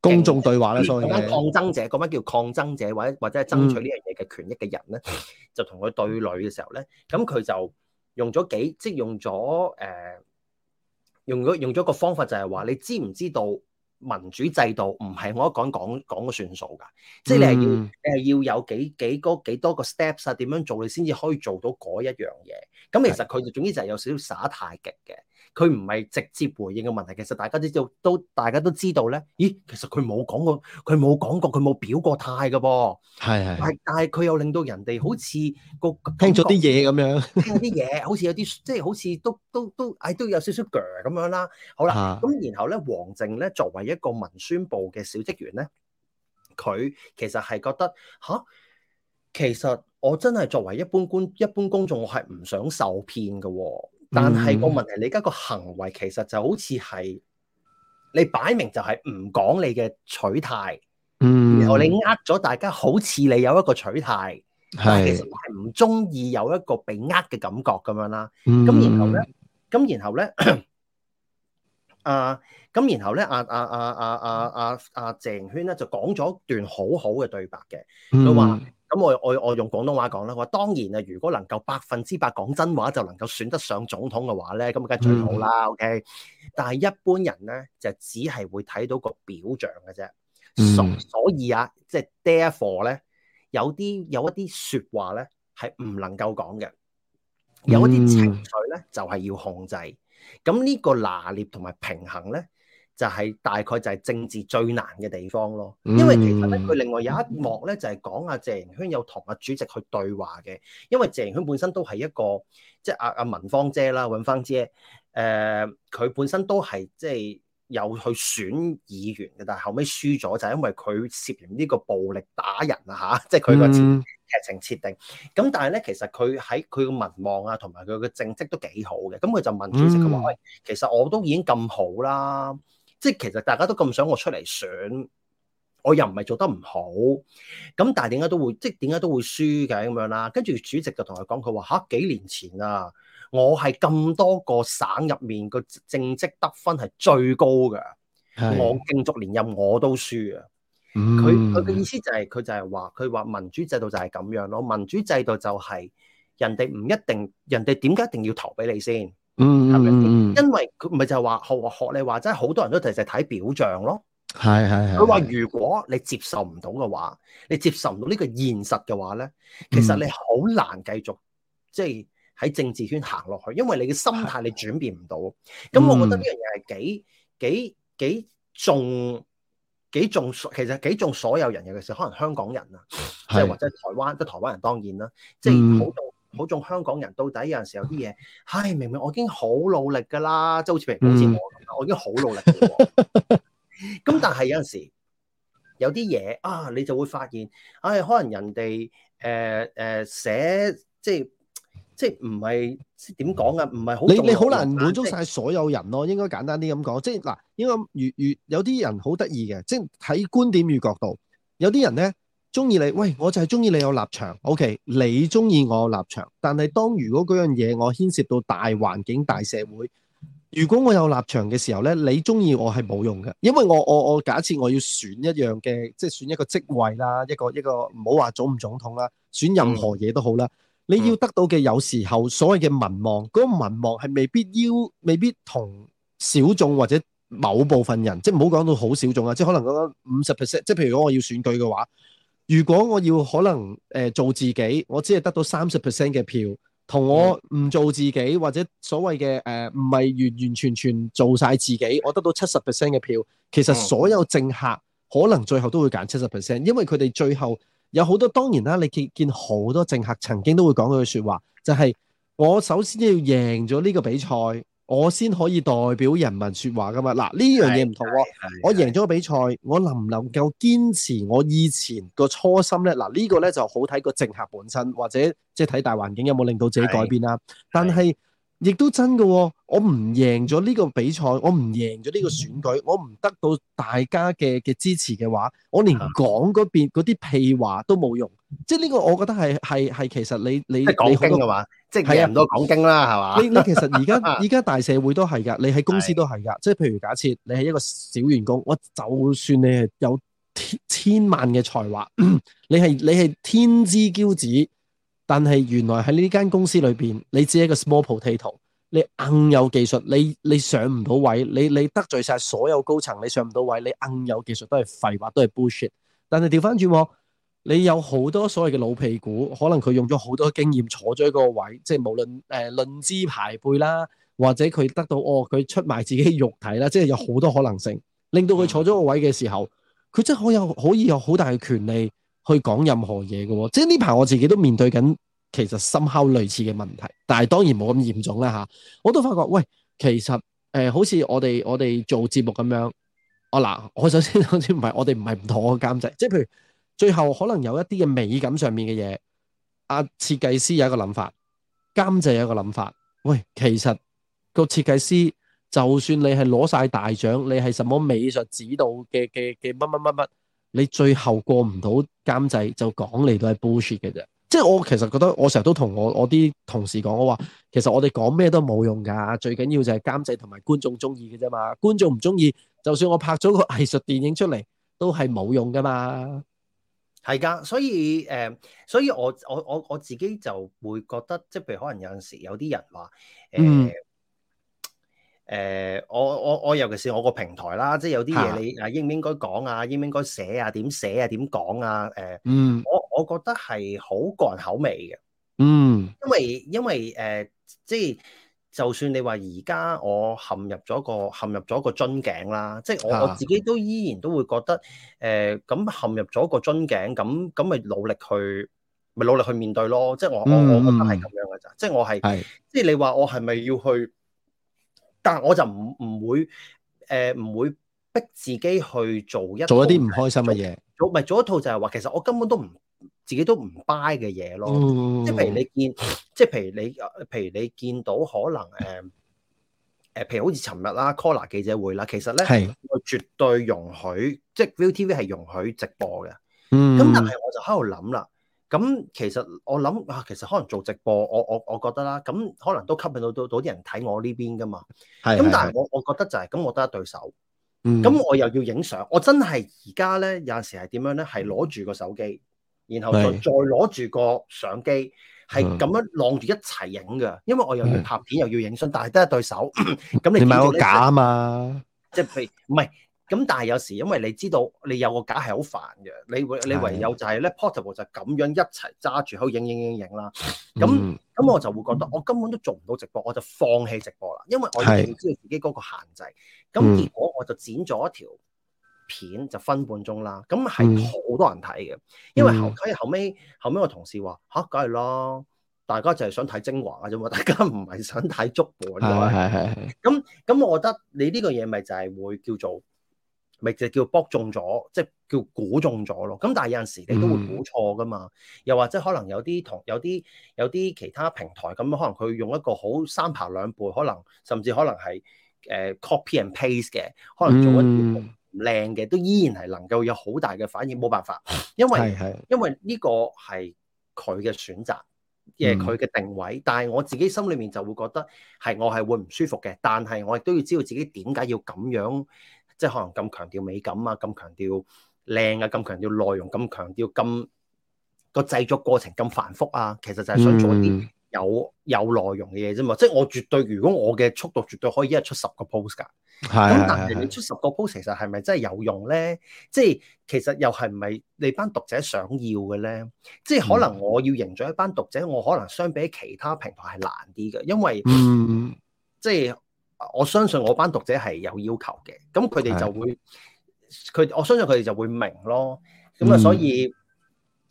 S1: 公眾對話咧，所以嗰班抗
S2: 爭者，嗰班叫抗爭者或者或者係爭取呢樣嘢嘅權益嘅人咧，嗯、就同佢對壘嘅時候咧，咁佢就。用咗幾即係用咗誒、呃、用咗用咗個方法就係話你知唔知道民主制度唔係我一講講講個算數㗎，嗯、
S3: 即係你係要
S2: 你要有幾幾多幾多個 steps 啊點樣做你先至可以做到嗰一樣嘢，咁其實佢哋總之就係有少少耍太極嘅。佢唔係直接回應嘅問題，其實大家都都大家都知道咧。咦,其實佢冇講過，佢冇講過，佢冇表過態噶噃。
S3: 係係係，
S2: 但係佢又令到人哋好似個聽咗啲嘢咁樣，聽咗啲嘢，好似有啲即係好似都都都，都，都，都、哎、都有少少鋸咁樣啦。好啦，咁的然後咧，王靜咧作為一個文宣部嘅小職員咧，佢其實係覺得吓，啊，其實我真係作為一般公一般公眾，我係唔想受騙噶，哦。但係個問題，你而家個行為其實就好似係你擺明就係唔講你嘅取態，
S3: 嗯、然後你
S2: 呃咗大家，好似你有一個取態，是但其實唔中意有一個被呃嘅感覺咁樣啦。咁、嗯、然後咧，咁然後咧，阿咁、啊、然後咧，阿阿阿阿阿阿阿鄭軒咧就講咗一段好好嘅對白嘅，
S3: 佢話、嗯。
S2: 咁我我我用廣東話講啦，我當然啊，如果能夠百分之百講真話，就能夠選得上總統嘅話咧，咁梗係最好啦。嗯、OK，但係一般人咧就只係會睇到個表象嘅啫，所、嗯、所以啊，即係 therefore 咧，有啲有一啲説話咧係唔能夠講嘅，
S3: 有一啲情
S2: 緒咧就係要控制。咁呢個拿捏同埋平衡咧。就係大概就係政治最難嘅地方咯，因為其實咧佢另外有一幕咧就係、是、講阿謝盈萱有同阿主席去對話嘅，因為謝盈萱本身都係一個即係阿阿文芳姐啦，文芳姐誒佢、呃、本身都係即係有去選議員嘅，但係後尾輸咗就係、是、因為佢涉嫌呢個暴力打人啊吓，即係佢個情劇情設定。咁、嗯、但係咧其實佢喺佢嘅民望啊同埋佢嘅政績都幾好嘅，咁佢就問主席佢話喂，嗯、其實我都已經咁好啦。即其實大家都咁想我出嚟選，我又唔係做得唔好，咁但點解都會即點解都會輸嘅咁樣啦？跟住主席就同佢講，佢話吓幾年前啊，我係咁多個省入面個政績得分係最高㗎。是」我連逐連任我都輸啊。
S3: 佢佢
S2: 嘅意思就係、是、佢就係話，佢話民主制度就係咁樣咯，民主制度就係人哋唔一定，人哋點解一定要投俾你先？嗯，係、嗯、咪？因為佢唔係就係話學學你話，即係好多人都其實睇表象咯。
S3: 係係係。佢話
S2: 如果你接受唔到嘅話，你接受唔到呢個現實嘅話咧，其實你好難繼續、嗯、即係喺政治圈行落去，因為你嘅心態你轉變唔到。咁的我覺得呢樣嘢係幾幾幾重幾重，其實幾重所有人嘅事，尤其是可能香港人啊，即係的或者台灣，即台灣人當然啦，即係好多。嗯好重香港人到底有陣時有啲嘢，唉，明明我已經好努力㗎啦，即係好似譬如好似我咁，我已經好努力嘅。咁、嗯、 但係有陣時有啲嘢啊，你就會發現，唉、哎，可能人哋誒誒寫即係即係唔係點講啊？唔係好你你好難滿足晒
S1: 所有人咯。應該簡單啲咁講，即係嗱，應該如如有啲人好得意嘅，即係喺觀點與角度，有啲人咧。中意你喂，我就係中意你有立場。OK，你中意我有立場，但係當如果嗰樣嘢我牽涉到大環境、大社會，如果我有立場嘅時候呢，你中意我係冇用嘅，因為我我我假設我要選一樣嘅，即係選一個職位啦，一個一個唔好話總唔總統啦，選任何嘢都好啦，你要得到嘅有時候所謂嘅民望，嗰個民望係未必要，未必同小眾或者某部分人，即係唔好講到好小眾啊，即係可能嗰個五十 percent，即係譬如我要選舉嘅話。如果我要可能誒、呃、做自己，我只係得到三十 percent 嘅票，同我唔做自己或者所謂嘅誒唔係完完全全做晒自己，我得到七十 percent 嘅票，其實所有政客可能最後都會揀七十 percent，因為佢哋最後有好多當然啦，你見見好多政客曾經都會講嗰句説話，就係、是、我首先要贏咗呢個比賽。我先可以代表人民說話噶嘛？嗱，呢樣嘢唔同喎、啊。我贏咗個比賽，我能唔能夠堅持我以前個初心呢？嗱，呢、這個呢就好睇個政客本身，或者即係睇大環境有冇令到自己改變啦、啊。是是但係亦都真嘅、啊，我唔贏咗呢個比賽，我唔贏咗呢個選舉，嗯、我唔得到大家嘅嘅支持嘅話，我連講嗰邊嗰啲屁話都冇用。即係呢個，我覺得係係係，其實你你講經係嘛？即係人唔多
S2: 講經啦，係嘛？你其實
S1: 而家而家大社會都係噶，你喺公司都係噶。是的即係譬如假設你係一個小員工，我就算你係有千千萬嘅才華， 你係你係天之驕子，但係原來喺呢間公司裏邊，你只係一個 small potato 你你你你你你。你硬有技術，你上唔到位，你你得罪晒所有高層，你上唔到位，你硬有技術都係廢話，都係 bullshit。但係調翻轉。你有好多所謂嘅老屁股，可能佢用咗好多經驗坐咗一個位置，即係無論誒、呃、論資排輩啦，或者佢得到哦，佢出賣自己嘅肉體啦，即係有好多可能性，令到佢坐咗個位嘅時候，佢真係可有可以有好大嘅權力去講任何嘢嘅喎。即係呢排我自己都面對緊，其實深溝類似嘅問題，但係當然冇咁嚴重啦吓。我都發覺喂，其實誒、呃、好似我哋我哋做節目咁樣，我、哦、嗱我首先首先唔係我哋唔係唔妥嘅監製，即係譬如。最後可能有一啲嘅美感上面嘅嘢，阿設計師有一個諗法，監製有一個諗法。喂，其實個設計師就算你係攞晒大獎，你係什麼美術指導嘅嘅嘅乜乜乜乜，你最後過唔到監製就講嚟都係 bullshit 嘅啫。即係我其實覺得我成日都同我我啲同事講，我話其實我哋講咩都冇用噶，最緊要就係監製同埋觀眾中意嘅啫嘛。觀眾唔中意，就算我拍咗個藝術電影出嚟，都係冇用噶嘛。
S2: 係㗎，所以誒、呃，所以我我我我自己就會覺得，即係譬如可能有陣時有啲人話誒誒，我我我尤其是我個平台啦，即係有啲嘢你應唔應該講啊，的應唔應該寫啊，點寫啊，點講啊，誒、嗯，我我覺得係好個人口味嘅，嗯
S3: 因，
S2: 因為因為誒，即係。就算你話而家我陷入咗個陷入咗個樽頸啦，即係我自己都依然都會覺得誒，咁、呃、陷入咗個樽頸，咁咁咪努力去，咪努力去面對咯。即係我我我覺得係咁樣嘅咋，嗯、即係我係，係即係你話我係咪要去？但係我就唔唔會誒，唔、呃、會逼自己去做一做一啲唔開心嘅嘢。做咪做，做一套就係話，其實我根本都唔。自己都唔 buy 嘅嘢咯，即係譬如你見，即係譬如你，譬如你見到可能誒誒、呃，譬如好似尋日啦 COLLAR 記者會啦，其實咧係是我絕對容許，即係 ViuTV 係容許直播嘅。咁、嗯、但係我就喺度諗啦，咁其實我諗啊，其實可能做直播，我我我覺得啦，咁可能都吸引到到啲人睇我呢邊噶嘛。係的，咁但係我我覺得就係、是、咁，我得一對手。
S3: 咁、嗯、我
S2: 又要影相，我真係而家咧有陣時係點樣咧？係攞住個手機。然後再再攞住個相機，係咁是樣晾住、嗯、一齊影嘅，因為我又要拍片是又要影相，但係得一對手，咁你唔係有個架啊嘛，即係譬如唔係，咁但係有時因為你知道你有個架係好煩嘅，你你唯有就係咧 portable 就咁樣一齊揸住去影影影影啦，咁咁、嗯、我就會覺得我根本都做唔到直播，我就放棄直播啦，因為我哋知道自己嗰個限制，咁是、嗯、結果我就剪咗一條片就分半鐘啦，咁係好多人睇嘅，嗯、因為後期、嗯、後尾後尾，我同事話嚇，梗係咯，大家就係想睇精華啫嘛，大家唔係想睇足本呢個。係咁咁，為嗯嗯、我覺得你呢個嘢咪就係會叫做咪就是、叫博中咗，即、就、係、是、叫估中咗咯。咁但係有陣時候你都會估錯噶嘛。嗯、又或者可能有啲同有啲有啲其他平台咁，可能佢用一個好三扒兩撥，可能甚至可能係誒、呃、copy and paste 嘅，可能做一啲。嗯靚嘅都依然係能夠有好大嘅反應，冇辦法，因為係係因為呢個係佢嘅選擇，係佢嘅定位。嗯、但係我自己心裏面就會覺得係我係會唔舒服嘅。但係我亦都要知道自己點解要咁樣，即係可能咁強調美感啊，咁強調靚啊，咁強調內容，咁強調咁個製作過程咁繁複啊，其實就係想做啲。嗯有有內容嘅嘢啫嘛，即係我絕對如果我嘅速度絕對可以一日出十個 post 㗎。
S3: 係咁的，但係你
S2: 出十個 post 其實係咪真係有用咧？即係其實又係唔係你班讀者想要嘅咧？即係可能我要營造一班讀者，我可能相比其他平台係難啲嘅，因為
S3: 的
S2: 即係我相信我班讀者係有要求嘅，咁佢哋就會佢的我相信佢哋就會明咯。咁啊，所以。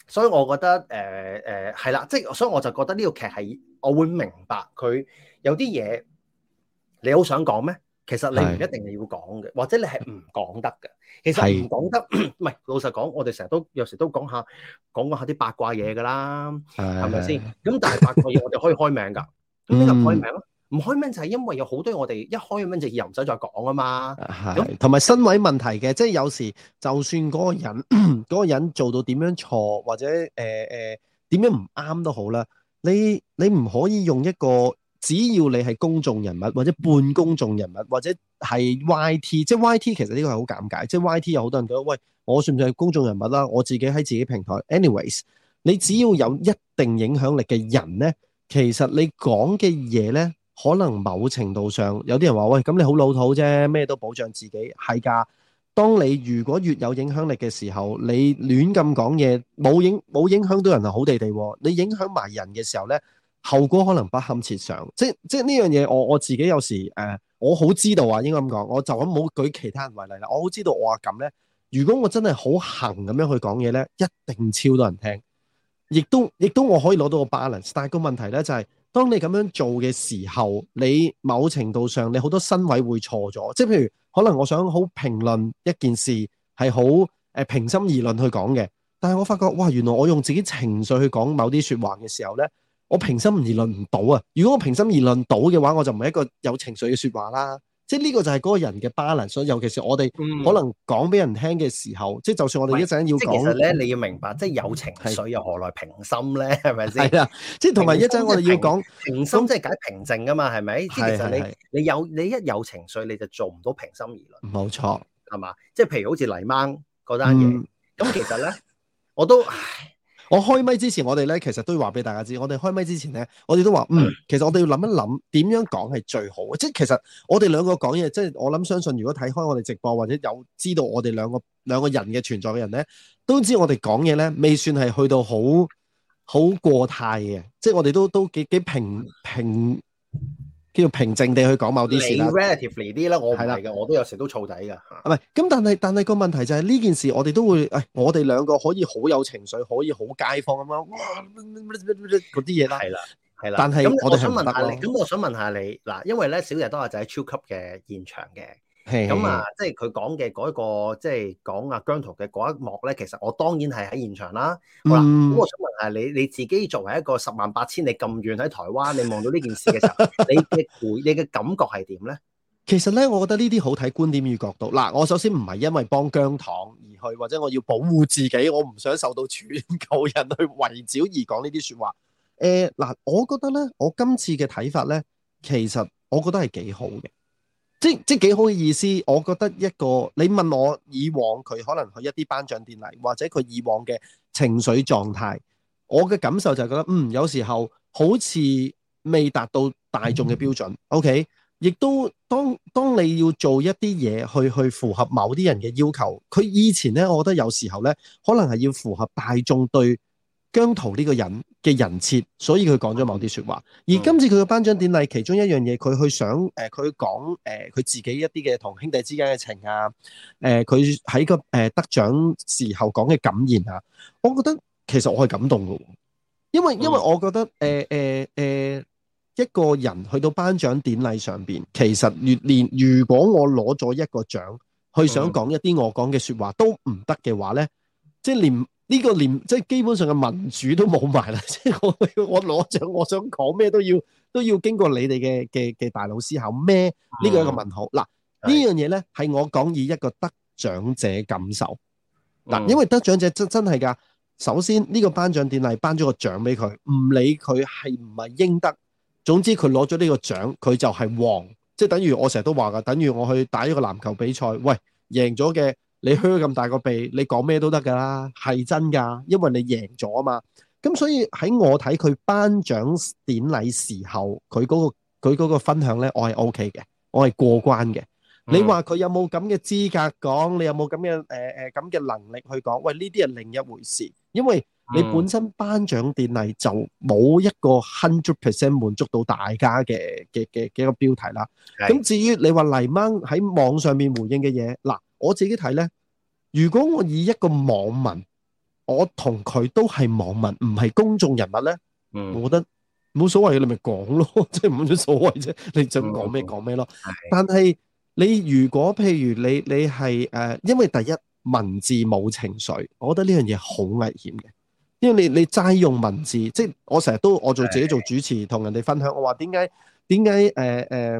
S2: 所以我覺得誒、誒係啦，即、呃、係、呃、所以我就覺得呢個劇係我會明白佢有啲嘢，你好想講咩？其實你唔一定你要講嘅，是或者你係唔講得嘅。其實唔講得，唔係是 老實講，我哋成日都有時都講下講下啲八卦嘢噶啦，係咪先？咁的但係八卦嘢我哋可以開名噶，
S3: 咁你就開名
S2: 咯。嗯唔開 m 就係因為有好多嘢，我哋一開 m 就又唔使再講啊嘛，
S1: 同埋身位問題嘅，即係有時就算嗰個人嗰個人做到點樣錯或者誒誒點樣唔啱都好啦，你你唔可以用一個只要你係公眾人物或者半公眾人物或者係 Y T，即係 Y T 其實呢個係好尷尬，即係 Y T 有好多人覺得喂，我算唔算係公眾人物啦？我自己喺自己平台，anyways 你只要有一定影響力嘅人咧，其實你講嘅嘢咧。可能某程度上，有啲人話喂，咁你好老土啫，咩都保障自己係噶。當你如果越有影響力嘅時候，你亂咁講嘢，冇影冇影響到人係好地地、啊。你影響埋人嘅時候呢，後果可能不堪設想。即即呢樣嘢，我我自己有時誒、呃，我好知道啊，應該咁講。我就咁冇舉其他人為例啦。我好知道我話咁呢：「如果我真係好行咁樣去講嘢呢，一定超多人聽。」亦都亦都我可以攞到個 balance，但係個問題呢就係、是。當你咁樣做嘅時候，你某程度上你好多身位會錯咗，即係譬如可能我想好評論一件事係好、呃、平心而論去講嘅，但係我發覺哇，原來我用自己情緒去講某啲說話嘅時候呢，我平心而論唔到啊！如果我平心而論到嘅話，我就唔係一個有情緒嘅說話啦。即係呢個就係嗰個人嘅 balance 所以尤其是我哋可能講俾人聽嘅
S2: 時候，嗯、即係就算我哋一陣要講，即係其實咧你要明白，即係有情緒又何來平心咧？係咪先？係啦，即係同埋一陣我哋要講平，平心，即係解平靜噶嘛？係咪？那即係其實你你有你一有情緒，你就做唔到平心而論。
S1: 冇錯錯，
S2: 係嘛？即係譬如好似泥鯭嗰單嘢，咁、嗯、其實咧，我都。唉我開咪之前我呢，我
S1: 哋咧其實都要話俾大家知，我哋開咪之前咧，我哋都話嗯，其實我哋要諗一諗點樣講係最好嘅。即係其實我哋兩個講嘢，即係我諗相信，如果睇開我哋直播或者有知道我哋兩個兩個人嘅存在嘅人咧，都知我哋講嘢咧未算係去到好好過態嘅，即係我哋都都幾幾平平。叫做平靜地去講某啲事啦。
S2: relatively 啲啦，我係啦，的我都有時都燥底噶
S1: 嚇。唔係，咁但係但係個問題就係、是、呢件事，我哋都會，誒、哎，我哋兩個可以好有情緒，可以好街坊咁樣，
S2: 哇，嗰啲嘢啦。係啦，係啦。但係，咁我想問下你，咁我想問下你嗱，因為咧，少人多就喺超級嘅現場嘅。咁 啊，即係佢講嘅嗰一個，即係講阿姜濤嘅嗰一幕咧。其實我當然係喺現場啦。好
S3: 啦，咁、嗯、我想
S2: 問下你，你自己作為一個十萬八千里咁遠喺台灣，你望到呢件事嘅時候， 你嘅回，你嘅感覺係點咧？
S1: 其實咧，我覺得呢啲好睇觀點與角度。嗱，我首先唔係因為幫姜糖而去，或者我要保護自己，我唔想受到全球人去圍剿而講呢啲說話。誒、欸，嗱，我覺得咧，我今次嘅睇法咧，其實我覺得係幾好嘅。即即幾好嘅意思，我覺得一個你問我以往佢可能去一啲頒獎典禮，或者佢以往嘅情緒狀態，我嘅感受就係覺得嗯有時候好似未達到大眾嘅標準。嗯、OK，亦都當，當你要做一啲嘢去去符合某啲人嘅要求，佢以前呢，我覺得有時候呢，可能係要符合大眾對。姜濤呢個人嘅人設，所以佢講咗某啲說話。而今次佢嘅頒獎典禮，其中一樣嘢，佢去想誒，佢、呃、講誒，佢、呃、自己一啲嘅同兄弟之間嘅情啊，誒、呃，佢喺個誒得獎時候講嘅感言啊，我覺得其實我係感動嘅。因為因為我覺得誒誒誒，一個人去到頒獎典禮上邊，其實越連如果我攞咗一個獎，去想講一啲我講嘅說話都唔得嘅話呢即係連。呢個連即係基本上嘅民主都冇埋啦，即係我我攞獎，我想講咩都要都要經過你哋嘅嘅嘅大腦思考咩？呢、呢個係一個問號。嗱、嗯、呢樣嘢咧係我講以一個得獎者感受嗱，嗯、因為得獎者真真係噶。首先呢個頒獎典禮頒咗個獎俾佢，唔理佢係唔係應得，總之佢攞咗呢個獎，佢就係王，即係等於我成日都話噶，等於我去打一個籃球比賽，喂贏咗嘅。你靴咁大個鼻，你講咩都得㗎啦，係真㗎，因為你贏咗啊嘛。咁所以喺我睇佢頒獎典禮時候，佢嗰個佢嗰個分享咧，我係 OK 嘅，我係過關嘅。你話佢有冇咁嘅資格講？你有冇咁嘅誒誒咁嘅能力去講？喂，呢啲係另一回事，因為你本身頒獎典禮就冇一個 hundred percent 滿足到大家嘅嘅嘅嘅一個標題啦。咁至於你話泥鯭喺網上面回應嘅嘢嗱。我自己睇咧，如果我以一個網民，我同佢都係網民，唔係公眾人物咧，嗯，我覺得冇所謂，你咪講咯，即係冇乜所謂啫，你就講咩講咩咯。但係你如果譬如你你係誒、呃，因為第一文字冇情緒，我覺得呢樣嘢好危險嘅，因為你你齋用文字，嗯、即係我成日都我做自己做主持，同人哋分享，我話點解點解誒誒。為什麼呃呃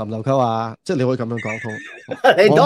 S1: 受唔受溝啊？即係你可以咁樣講，我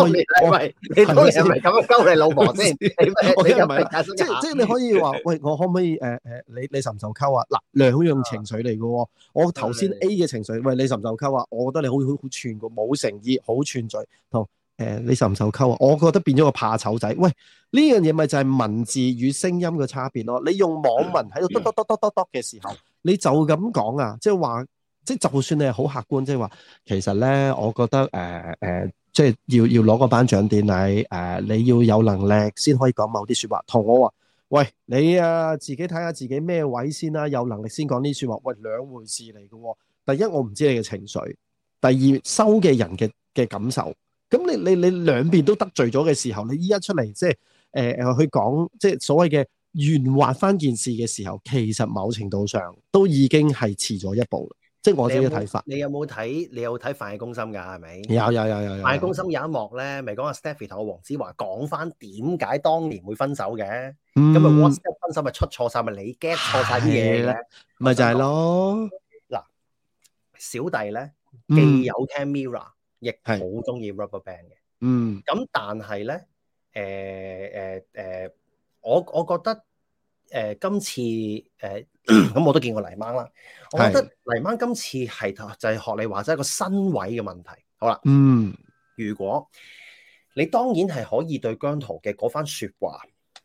S1: 唔係你
S3: 當日唔係咁樣
S1: 溝你老婆先。即即係你可以話喂，我可唔可以誒誒？你你受唔受溝啊？嗱，你好用情緒嚟嘅喎。我頭先 A 嘅情緒，喂，你受唔受溝啊？我覺得你好好好串嘅，冇誠意，好串嘴。同誒，你受唔受溝啊？我覺得變咗個怕醜仔。喂，呢樣嘢咪就係文字與聲音嘅差別咯。你用網文喺度咄咄咄咄咄咄嘅時候，你就咁講啊，即係話。即係就算你係好客觀，即係話其實呢，我覺得誒誒、呃呃，即係要要攞個頒獎典禮誒、呃，你要有能力先可以講某啲説話。同我話，喂，你啊，自己睇下自己咩位先啦，有能力先講呢啲説話。喂，兩回事嚟嘅喎。第一我唔知你嘅情緒，第二收嘅人嘅嘅感受。咁你你你，你兩邊都得罪咗嘅時候，你依一出嚟即係誒誒去講即係所謂嘅圓滑翻件事嘅時候，其實某程度上都已經係遲咗一步了。即係我少少嘅睇法。
S2: 你有冇睇？你有睇《飯戲攻心》㗎？係咪？有有
S1: 有有有。《飯戲攻心》
S2: 有一幕咧，咪講阿 Stephy 同阿黃子華講翻點解當年會分手嘅。咁啊，WhatsApp 分手咪出錯曬，咪你 get 錯曬啲嘢嘅，
S1: 咪就係咯。
S2: 嗱，小弟咧既有聽 Mirror，亦好中意 Rubberband 嘅。
S3: 嗯。咁
S2: 但係咧，誒誒誒，我我覺得。誒、呃，今次誒，咁、呃、 我都見過泥鯭啦。是我覺得泥鯭今次係就係、是、學你話齋一個身位嘅問題。好啦，
S3: 嗯，
S2: 如果你當然係可以對姜濤嘅嗰番說話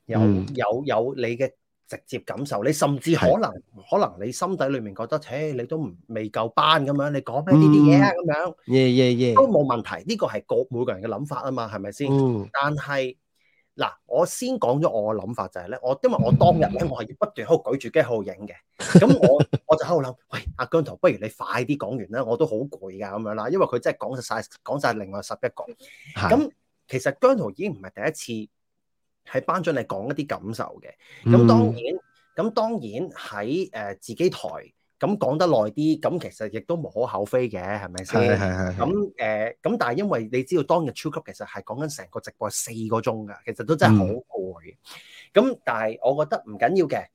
S2: 有有有你嘅直接感受，你甚至可能是可能你心底裏面覺得，誒，你都未夠班咁、嗯、樣，你講咩呢啲嘢啊？咁樣，耶耶耶，都冇問題。呢個係個每個人嘅諗法啊嘛，係咪先？嗯、但係。嗱，我先講咗我嘅諗法就係、是、咧，我因為我當日咧，我係要不斷喺度舉住機喺度影嘅，咁我我就喺度諗， 喂阿姜濤，不如你快啲講完啦，我都好攰㗎咁樣啦，因為佢真係講晒講曬另外十一個，咁 其實姜濤已經唔係第一次喺頒獎嚟講一啲感受嘅，咁當然咁、嗯、當然喺誒自己台。咁講得耐啲，咁其實亦都無可厚非嘅，係咪先？係係係。咁誒，咁但係因為你知道當日超級其實係講緊成個直播四個鐘㗎，其實都真係好攰嘅。咁但係我覺得唔緊要嘅。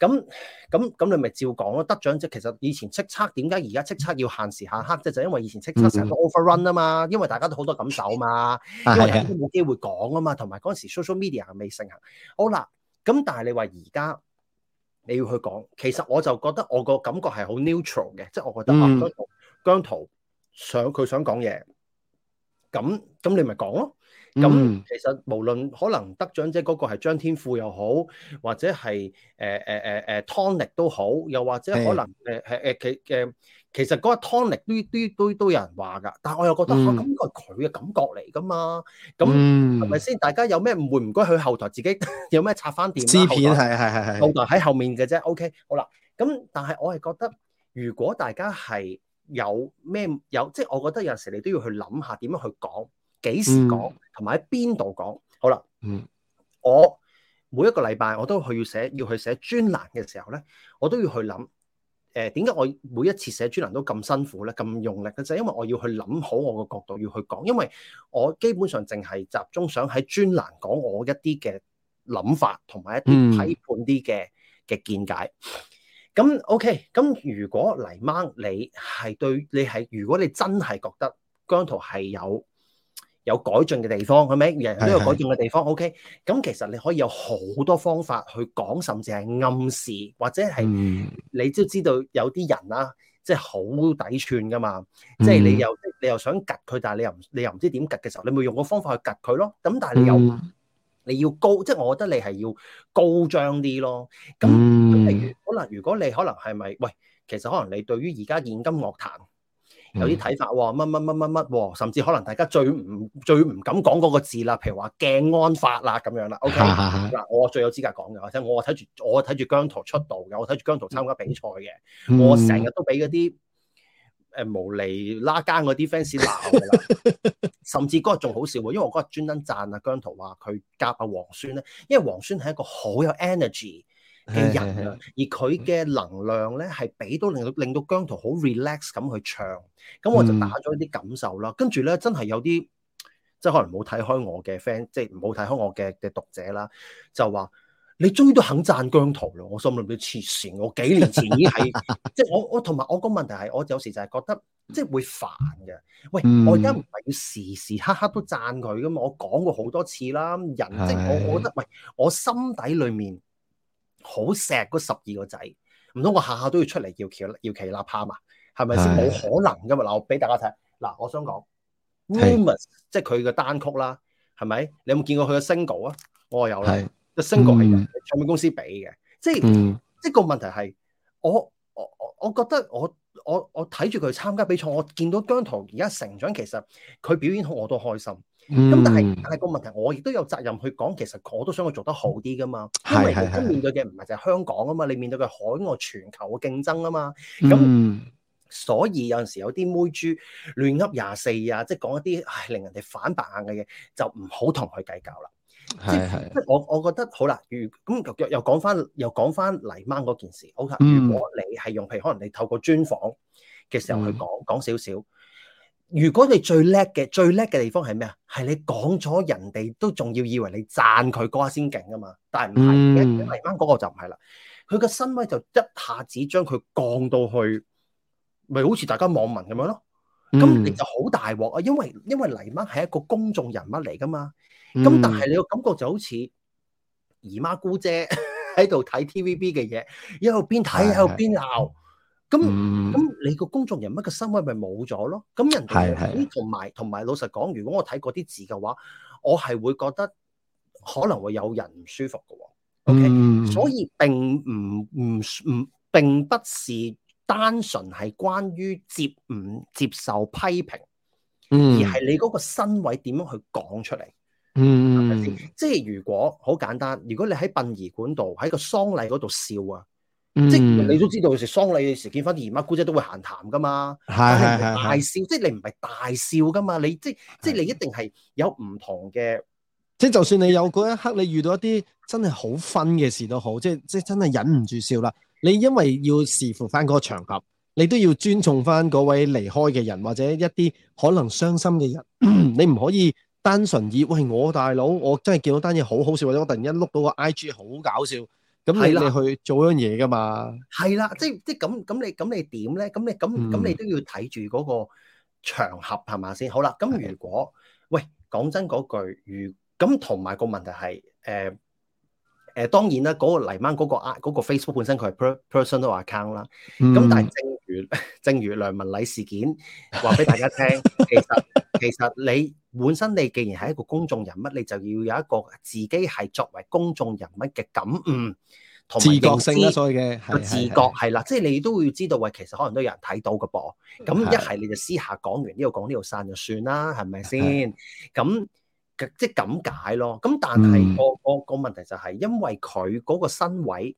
S2: 咁咁咁你咪照講咯。得獎即其實以前叱咤點解而家叱咤要限時限刻，即就係、因為以前叱咤成個 overrun 啊嘛，嗯、因為大家都好多感受啊嘛， 的因為人都冇機會講啊嘛，同埋嗰陣時 social media 又未盛行。好啦，咁但係你話而家。你要去講，其實我就覺得我個感覺係好 neutral 嘅，即係我覺得啊，姜濤想佢想講嘢，咁咁你咪講咯。咁其實無論可能得獎者嗰個係張天賦又好，或者係誒誒誒誒 Tony 都好，又或者可能誒誒誒嘅嘅。其實嗰個 Tony 都都都都有人話噶，但我又覺得，咁應該係佢嘅感覺嚟噶嘛？咁係咪先？大家有咩誤會？唔該，去後台自己有咩拆翻點？撕片係係係係後台喺後面嘅啫。OK，好啦。咁但係我係覺得，如果大家係有咩有，即係我覺得有陣時你都要去諗下點樣去講，幾時講，同埋喺邊度講。好啦，嗯，我每一個禮拜我都要去要寫，要去寫專欄嘅時候咧，我都要去諗。誒點解我每一次寫專欄都咁辛苦咧？咁用力嘅就係，因為我要去諗好我個角度要去講，因為我基本上淨係集中想喺專欄講我一啲嘅諗法同埋一啲批判啲嘅嘅見解。咁、嗯、OK，咁如果黎媽你係對你，你係如果你真係覺得姜濤係有。有改進嘅地方係咪？人人都有改進嘅地方。OK，咁其實你可以有好多方法去講，甚至係暗示，或者係你都知道有啲人啦、啊，即係好抵寸㗎嘛。即係、嗯、你又你又想及佢，但係你又你又唔知點及嘅時候，你咪用個方法去及佢咯。咁但係你又、嗯、你要高，即係我覺得你係要高張啲咯。
S3: 咁例
S2: 如可能如果你可能係咪？喂，其實可能你對於而家現今樂壇，有啲睇法喎，乜乜乜乜乜，甚至可能大家最唔最唔敢講嗰個字啦，譬如話鏡安法啦咁樣啦。OK 啦， 我最有資格講嘅，我睇我睇住我睇住姜濤出道嘅，我睇住姜濤參加比賽嘅， 我成日都俾嗰啲誒無厘拉更嗰啲 fans 鬧啦。甚至嗰日仲好笑喎，因為我嗰日專登讚阿姜濤話佢夾阿黃宣咧，因為黃宣係一個好有 energy 嘅人啊，而佢嘅能量咧，係俾到令到令到姜濤好 relax 咁去唱，咁我就打咗啲感受啦。嗯、跟住咧，真係有啲即係可能冇睇開我嘅 friend，即係唔好睇開我嘅嘅讀者啦，就話你終於都肯讚姜濤咯！我心入面都黐線，我幾年前已經係 即係我我同埋我個問題係，我有時就係覺得即係會煩嘅。喂，我而家唔係要時時刻刻都讚佢噶嘛？我講過好多次啦，人即、嗯、我覺、嗯、我覺得，喂，我心底裏面。好錫嗰十二個仔，唔通我下下都要出嚟搖旗搖旗呐喊嘛？係咪先？冇可能噶嘛？嗱的，我俾大家睇，嗱，我想講，Romeo 的、um、即係佢個單曲啦，係咪？你有冇見過佢個 single 啊？我有啦，個 single 係唱片公司俾嘅，即
S3: 係
S2: 一、嗯、個問題係，我我我我覺得我。我我睇住佢參加比賽，我見到姜濤而家成長，其實佢表演好我都開心。
S3: 咁、嗯、但係
S2: 但係個問題，我亦都有責任去講，其實我都想佢做得好啲噶嘛。係，是的 因為面對嘅唔係就係香港啊嘛，的你面對嘅海外全球嘅競爭啊嘛。咁、嗯嗯、所以有陣時有啲妹豬亂噏廿四啊，即係講一啲唉令人哋反白眼嘅嘢，就唔好同佢計較啦。即係即係，我我覺得好啦。如咁又又講翻又講翻黎媽嗰件事。OK，如果你係用，譬如可能你透過專訪嘅時候去講講少少。如果你最叻嘅最叻嘅地方係咩啊？係你講咗人哋都仲要以為你贊佢嗰下先勁啊嘛。但係唔係黎媽嗰個就唔係啦。佢個身威就一下子將佢降到去，咪好似大家網民咁樣咯。
S3: 咁你就
S2: 好大鑊啊！因為因為黎媽係一個公眾人物嚟噶嘛。咁，嗯、但係你個感覺就好似姨媽姑姐喺度睇 TVB 嘅嘢，喺度邊睇喺度邊鬧
S3: 咁。咁
S2: 你個公眾人物嘅身位咪冇咗咯？咁人同埋同埋，的老實講，如果我睇嗰啲字嘅話，我係會覺得可能會有人唔舒服嘅。OK，、嗯、
S3: 所
S2: 以並唔唔唔，並不是單純係關於接唔接受批評，
S3: 嗯、而係你嗰
S2: 個身位點樣去講出嚟。
S3: 嗯，嗯
S2: 即係如果好簡單，如果你喺殯儀館度喺個喪禮嗰度笑啊，嗯、
S3: 即係你都
S2: 知道嘅時，有時喪禮有時見翻啲姨媽姑姐都會閒談噶嘛，係係係大笑，是是是是即係你唔係大笑噶嘛，你即係即係你一定係有唔同嘅，
S1: 即係就，就算你有嗰一刻，你遇到一啲真係好分嘅事都好，即係即係真係忍唔住笑啦，你因為要視乎翻嗰個場合，你都要尊重翻嗰位離開嘅人或者一啲可能傷心嘅人， 你唔可以。單純以喂我大佬，我真係見到單嘢好好笑，或者我突然一碌到個 IG
S2: 好搞笑，
S1: 咁你的你去做嗰
S2: 樣嘢㗎嘛？係啦，即係即係咁咁你咁你點咧？咁你咁咁你都要睇住嗰個場合係嘛先？好啦，咁如果的喂講真嗰句，如咁同埋個問題係誒。呃誒當然啦，嗰、那個黎曼嗰、那個 I、那個、Facebook 本身佢係 personal account 啦。咁但係正如、嗯、正如梁文禮事件，話俾大家聽，其實其實你本身你既然係一個公眾人物，你就要有一個自己係作為公眾人物嘅感悟同自覺，所以嘅，個自覺係啦，即係你都會知道喂，其實可能都有人睇到㗎噃。咁一係你就私下講完呢度講呢度散就算啦，係咪先？咁是的。即咁解咯，咁但係我我個問題就係，因為佢嗰個身位，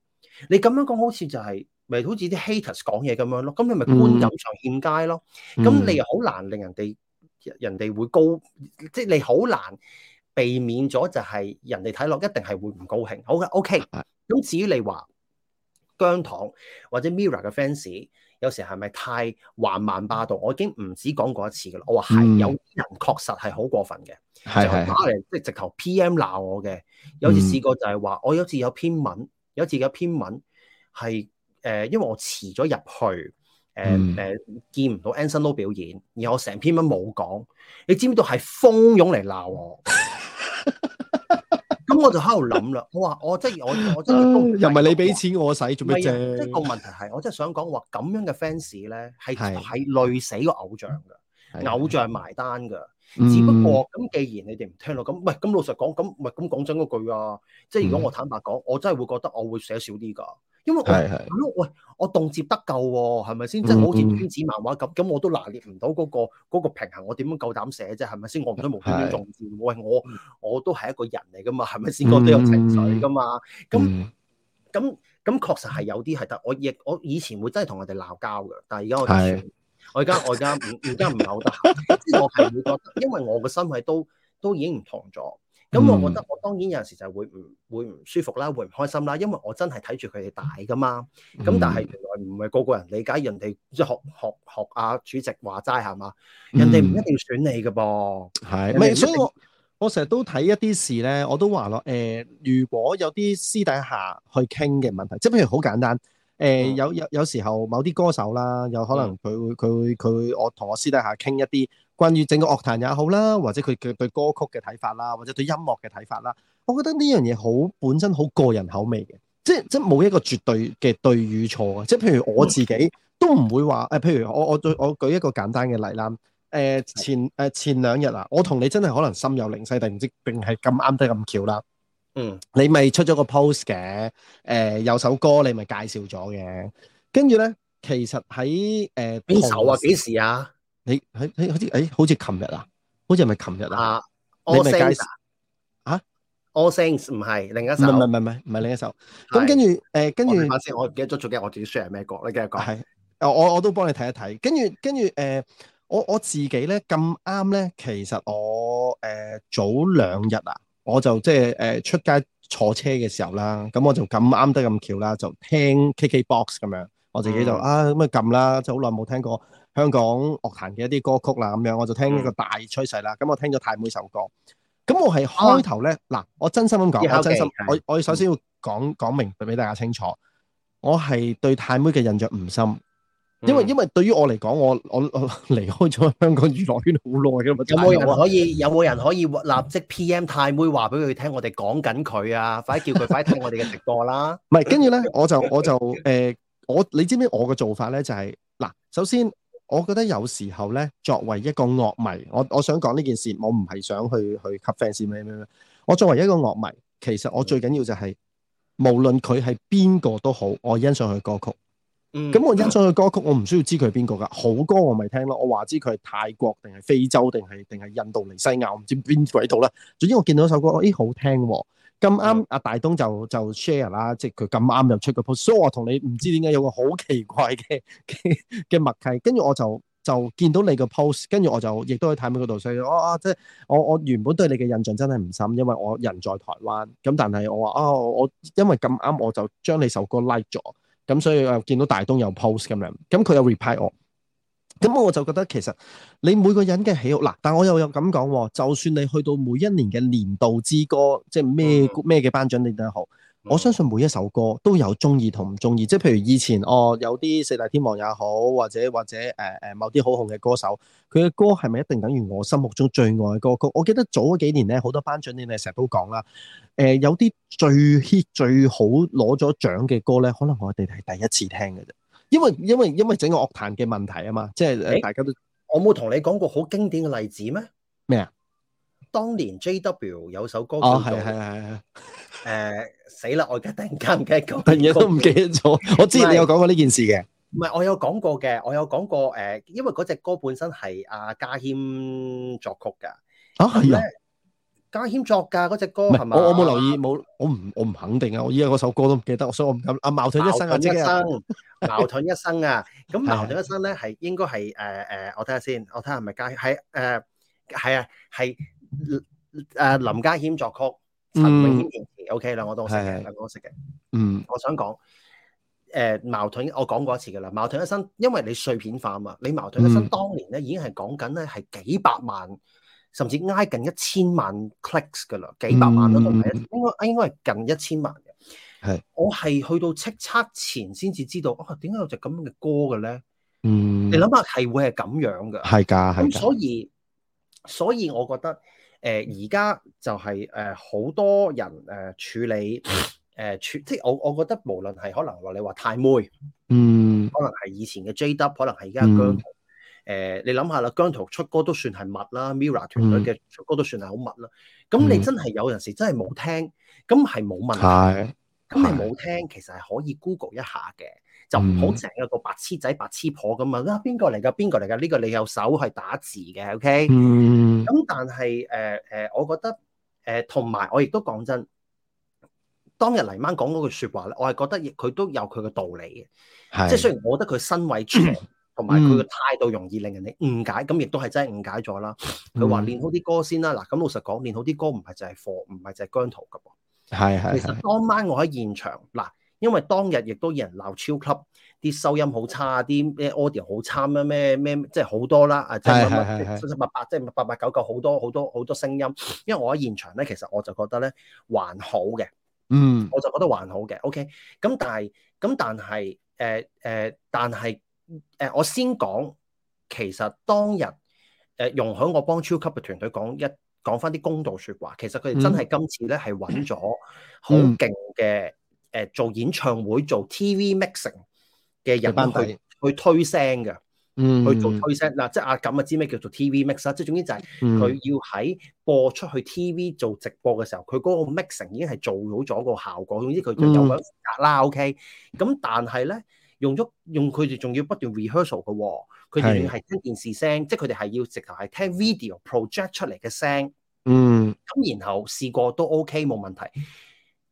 S2: 你咁樣講好似就係，咪好似啲 haters 講嘢咁樣咯，咁你咪官有上欠街欠佳咯，咁你又好難令人哋人哋會高，即係你好難避免咗就係人哋睇落一定係會唔高興，好嘅，OK，咁至於你話姜糖或者 Mirror 嘅 fans。有時係咪太橫蠻霸道？我已經唔止講過一次嘅啦。我話係、嗯、有啲人確實係好過分嘅，係係打嚟即係直頭 P.M. 鬧我嘅。有次試過就係話，嗯、我有次有篇文，有一次有篇文係誒、呃，因為我遲咗入去，誒、呃、誒、呃、見唔到 Anson Lo 表演，然後我成篇文冇講，你知唔知道係蜂擁嚟鬧我？ 咁 我就喺度諗啦，我話我即係我我
S3: 真係都又
S2: 唔係你俾錢我使做咩啫？即係、個問題係，我真係想講話咁樣嘅 fans 咧，係係的累死個偶像㗎，的偶像埋單㗎。嗯、只不過咁，既然你哋唔聽咯，咁唔係咁老實講，咁唔係咁講真嗰句啊。即係如果我坦白講，嗯、我真係會覺得我會寫少啲㗎。因為係係喂，我動接得夠喎、啊，係咪先？嗯、即係好似親子漫畫咁，咁我都拿捏唔到嗰個、嗰個平衡我，我點樣夠膽寫啫？係咪先？我唔想無端端重字。喂，我我都係一個人嚟噶嘛，係咪先？嗯、我都有情緒噶嘛。咁咁咁，確、嗯、實係有啲係得。我亦我以前真會真係同人哋鬧交噶，但係而家我而家是我而家而家唔係好得閒。我係 會覺得，因為我個身位都都已經唔同咗。咁、嗯、我覺得我當然有陣時就係會唔會唔舒服啦，會唔開心啦，因為我真係睇住佢哋大噶嘛。咁、嗯、但係原來唔係個個人理解人哋即係學學學啊，主席話齋係嘛？是嗯、人哋唔一定選你噶噃。係是，唔係，所以我我成日都睇一
S1: 啲事咧，我都話咯，誒、呃，如果有啲私底下去傾嘅問題，即、就、係、是、譬如好簡單，誒、呃，嗯、有有有時候某啲歌手啦，有可能佢會佢、嗯、會佢我同我私底下傾一啲。關於整個樂壇也好啦，或者佢佢對歌曲嘅睇法啦，或者對音樂嘅睇法啦，我覺得呢樣嘢好本身好個人口味嘅，即係即係冇一個絕對嘅對與錯啊！即譬如我自己都唔會話誒，譬如我我我舉一個簡單嘅例啦，誒、呃、前誒、呃、前兩日啊，我同你真係可能心有靈犀，定唔知定係咁啱得咁巧啦。嗯，你咪出咗個 post 嘅，誒、呃、有首歌你咪介紹咗嘅，跟住咧，其實喺誒邊首啊？幾時啊？你喺喺好似誒，好似琴日啊，好似係咪琴日啊？啊 All Saints，你咪介紹啊？All things 唔係另一首，唔唔唔唔唔係另一首。咁是跟住誒、呃，跟住我下次我唔記得咗，做嘅我自己 share 咩歌，你今日講係，我我都幫你睇一睇。跟住跟住誒、呃，我我自己咧咁啱咧，其實我誒、呃、早兩日啊，我就即係誒出街坐車嘅時候啦，咁我就咁啱得咁巧啦，就聽 K K box 咁樣，我自己就、嗯、啊咁啊撳啦，就好耐冇聽過。香港樂壇嘅一啲歌曲啦，咁樣我就聽呢個大趨勢啦。咁、嗯、我聽咗太妹首歌，咁我係開頭咧嗱、啊，我真心咁講，啊、我真心、啊、okay, 我我首先要講講、嗯、明俾大家清楚，我係對太妹嘅印象唔深，因為、嗯、因為對於我嚟講，我我我離開咗香港娛樂圈好耐嘅嘛。有冇人可以
S2: 有冇人可以立即 P.M. 太妹話俾佢聽，我哋講緊佢啊，快啲叫佢快聽我哋嘅直播啦。
S1: 唔係跟住咧，我就我就誒、呃，我你知唔知我嘅做法咧？就係、是、嗱，首先。我覺得有時候呢，作為一個樂迷，我我想講呢件事，我唔係想去去吸 fans 咩咩咩。我作為一個樂迷，其實我最緊要就係無論佢係邊個都好，我欣賞佢歌曲。
S3: 咁、嗯、我欣賞佢
S1: 歌曲，我唔需要知佢係邊個噶。好歌我咪聽咯。我話知佢係泰國定係非洲定係定係印度尼西亞，唔知邊鬼度啦。總之我見到首歌，咦、欸，好聽喎、哦！咁啱阿大東就就 share 啦，即係佢咁啱又出個 post，所以我同你唔知點解有個好奇怪嘅嘅嘅默契，跟住我就就見到你個 post，跟住我就亦都去睇翻嗰度。所以、哦、我啊即係我我原本對你嘅印象真係唔深，因為我人在台灣，咁但係我話啊、哦、我因為咁啱我就將你首歌 like 咗，咁所以又見到大東有 post 咁樣，咁佢又 reply 我。咁我就覺得其實你每個人嘅喜惡嗱，但我又有咁講喎，就算你去到每一年嘅年度之歌，即係咩咩嘅頒獎典禮都、嗯、好，我相信每一首歌都有中意同唔中意，即係譬如以前哦，有啲四大天王也好，或者或者、呃、某啲好紅嘅歌手，佢嘅歌係咪一定等於我心目中最愛嘅歌曲？我記得早幾年咧，好多頒獎典禮成日都講啦、呃，有啲最 hit 最好攞咗獎嘅歌咧，可能
S2: 我哋係第一次聽嘅啫。因為因為因為整個樂壇嘅問題啊嘛，即、就、係、是、大家都、欸、我冇同你講過好經典嘅例子咩？咩啊麼？當年 JW 有首歌叫做誒死啦！我而家突然間唔記得，突然都唔記得
S1: 咗。我之前你有講過呢件事嘅，
S2: 唔係我有講過嘅，我有講過誒、呃，因為嗰隻歌本身係阿、啊、家謙作曲噶。啊係啊。家謙作噶嗰隻歌係嘛？我我冇留意，
S1: 冇我唔我唔肯定啊！我依家嗰首歌都唔記得，所以我唔敢。啊，矛盾一
S2: 生啊，知嘅？矛盾一生啊，咁矛盾一生咧，係應該係誒誒，我睇下先，我睇下係咪家謙誒係啊係誒林家謙作曲，
S3: 陳
S2: 詠謙填詞。O K 啦，我都識嘅，兩個都識嘅。嗯，我想講誒，矛盾我講過一次噶啦。矛盾一生，因為你碎片化啊嘛，你矛盾一生當年咧已經係講緊咧係幾百萬。甚至挨近一千萬 clicks 噶啦，幾百萬都唔係、嗯，應該應該係近一千萬嘅。係是我係去到叱咤前先至知道，哦、啊，點解有隻咁樣嘅歌嘅咧？嗯，
S3: 你諗下
S2: 係會係咁樣嘅。係噶，係、嗯。所以所以我覺得，誒而家就係誒好多人誒、呃、處理誒，即、呃、係我我覺得無論係可能話你話太妹，嗯，可能係、嗯、以前嘅 JW，可能係而家。誒、呃，你諗下啦姜濤出歌都算係密啦，Mirror 團隊嘅出歌都算係好密啦。咁、嗯、你真係有陣時真係冇聽，咁係冇問題。咁係冇聽，是其實係可以 Google 一下嘅，就唔好成日個白痴仔白、白痴婆咁啊！邊個嚟㗎？邊個嚟㗎？呢、這個你有手係打字嘅，OK、嗯。咁但係誒誒，我覺得誒同埋我亦都講真，當日黎媽講嗰句説話咧，我係覺得亦佢都有佢嘅道理嘅。即係是雖然我覺得佢身為主。嗯同埋佢嘅態度容易令人哋誤解，咁亦都係真係誤解咗啦。佢話、嗯、練好啲歌先啦。嗱、嗯，咁老實講，練好啲歌唔係就係貨，唔係就係姜濤㗎喎。係係係。其實當晚我喺現場，嗱，因為當日亦都有人鬧 Chill Club，啲收音好差，啲咩 Audio 好差咩咩咩，即係好多啦。係、啊、七七八八，即係八八九九，好多好多好多聲音。因為我喺現場咧，其實我就覺得咧還好嘅。嗯。我就覺得還好嘅。OK。咁但係，咁但係，誒誒，但係。呃呃但誒、呃，我先講，其實當日誒、呃，容許我幫超級嘅團隊講一講返啲公道説話。其實佢哋真係今次咧係揾咗好勁嘅，誒、嗯呃、做演唱會做 TV mixing 嘅人去去推聲嘅，嗯，
S3: 去做推
S2: 聲嗱、啊，即係阿感啊知咩叫做 TV mix 啦、啊？即係總之就係佢要喺播出去 TV 做直播嘅時候，佢嗰、嗯、個 mixing 已經係做到咗個效果。總之佢就有個風格啦，OK、嗯。咁但係咧。用咗用佢哋仲要不斷 rehearsal 㗎喎，佢哋要係聽電視聲，即係佢哋係要直頭係聽 video project 出嚟嘅聲。嗯，
S3: 咁
S2: 然後試過都 OK 冇問題，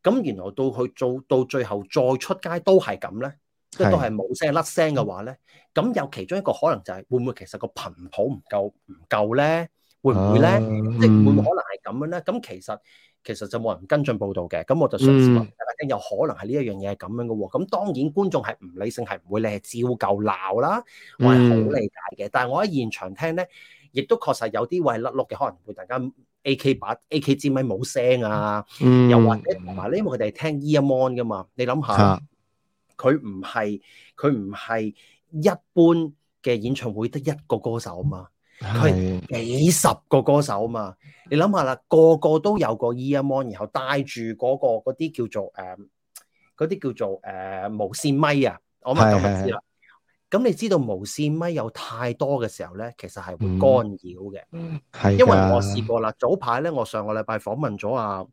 S2: 咁原來到佢做到最後再出街都係咁咧，即係都係冇聲甩聲嘅話咧，咁有其中一個可能就係會唔會其實個頻譜唔夠唔夠咧，會唔會咧？即係會唔會可能係咁樣咧？咁其實。其實就冇人跟進報道嘅，咁我就嘗試話大家聽，有可能係呢一樣嘢，係咁樣噶喎。咁當然觀眾係唔理性，係唔會你係照舊鬧啦，我係好理解嘅。但係我喺現場聽咧，亦都確實有啲位甩碌嘅，可能會大家 AK 把 AK 支咪冇聲啊，又或者同埋呢，因為佢哋係聽 Eason 噶嘛，你諗下，佢唔係佢唔係一般嘅演唱會得一個歌手嘛？佢係幾十個歌手嘛，你諗下啦，個個都有個 earphone，然後帶住嗰個嗰啲叫做誒，嗰、呃、啲叫做誒、呃、無線咪啊，我唔係咁知啦。咁的你知道無線咪有太多嘅時候咧，其實係會干擾嘅，係、嗯、因為我試過啦。早排咧，我上個禮拜訪問咗阿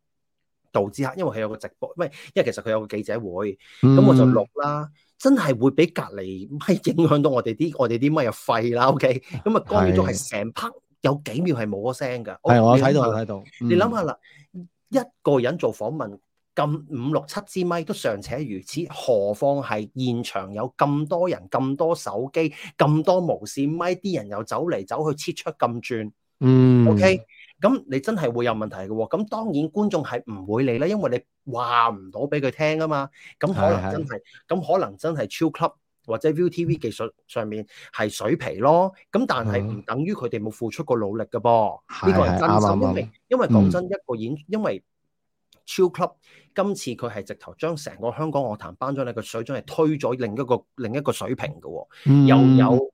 S2: 杜之赫，因為佢有個直播，唔因為其實佢有個記者會，咁我就錄啦。嗯真係會俾隔籬咪影響到我哋啲我哋啲咪又廢啦，OK？咁啊，干秒鐘係成匹有幾秒係冇個聲㗎。係我睇到，我睇到。你諗下啦，一個人做訪問，咁五六七支咪都尚且如此，何況係現場有咁多人、咁多手機、咁多無線咪，啲人又走嚟走去切出咁轉，嗯，OK？咁你真係會有問題嘅喎，咁當然觀眾係唔會理啦，因為你話唔到俾佢聽啊嘛，咁可能真係，咁可能真係 Chill Club 或者 ViuTV 技術上面係水皮咯，咁但係唔等於佢哋冇付出過努力㗎噃，呢個係真心嘅，因為講真一個演，因為 Chill Club 今次佢係直頭將成個香港樂壇頒獎禮嘅水準係推咗另一個另一個水平嘅喎，又有，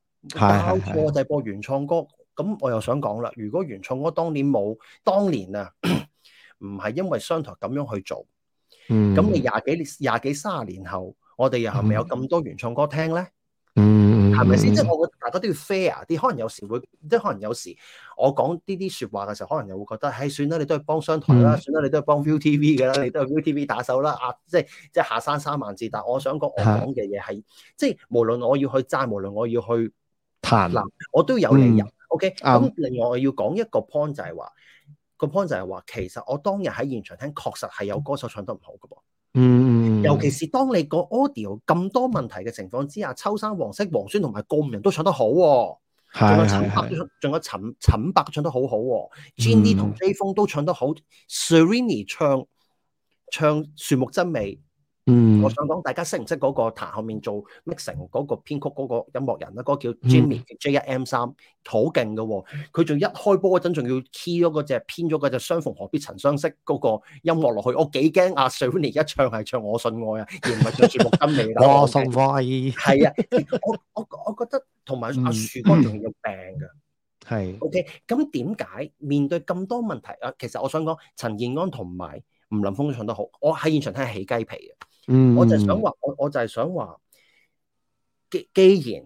S2: 播就係播原創歌，咁我又想講啦。如果原創歌當年冇，當年啊，唔係因為商台咁樣去做，
S3: 咁、嗯、你
S2: 廿幾年、廿幾卅年後，我哋又係咪有咁多原創歌聽咧、嗯？
S3: 嗯，係咪先？即係
S2: 我覺得大家都要 fair 啲，可能有時會，即係可能有時我講呢啲說話嘅時候，可能又會覺得，唉，算啦，你都係幫商台啦，算啦，你都係幫 ViuTV 嘅啦，你都係 ViuTV 打手啦，啊，即係即係下山三萬字。但係我想講，我講嘅嘢係，即係無論我要去爭，無論我要去。嗱、啊，我都有理由。嗯、OK，咁另外我要講一個 point 就係話，啊、個 point 就係話，其實我當日喺現場聽，確實係有歌手唱得唔好嘅噃。嗯，
S3: 尤其
S2: 是當你個 audio 咁多問題嘅情況之下，秋生、黃色、黃宣同埋個五人都唱得好、啊。
S3: 係仲是有陳柏，
S2: 仲是有陳陳柏唱得好好、啊。Jenny 同 Jay 峰都唱得好。Serrini 唱唱樹木真美。嗯，我想講大家識唔識嗰個彈後面做 mixing 嗰個編曲嗰個音樂人咧？嗰、嗰個叫 Jimmy、嗯、J 一 M 三、哦，好勁噶，佢仲一開波嗰陣仲要 key 咗嗰隻編咗嗰隻相逢何必曾相識嗰個音樂落去，我幾驚阿 Shirley 一唱係唱我信愛啊，而唔係做節目「朱國恩嚟啦。我信
S1: 我阿姨係啊，我
S2: 我我覺得同埋阿樹哥仲要病噶，係、嗯。O K，咁點解面對咁多問題啊？其實我想講陳健安同埋吳林峰唱得好，我喺現場聽起雞皮嘅。
S3: 嗯，我就係想
S2: 話，我我就係想話，既既然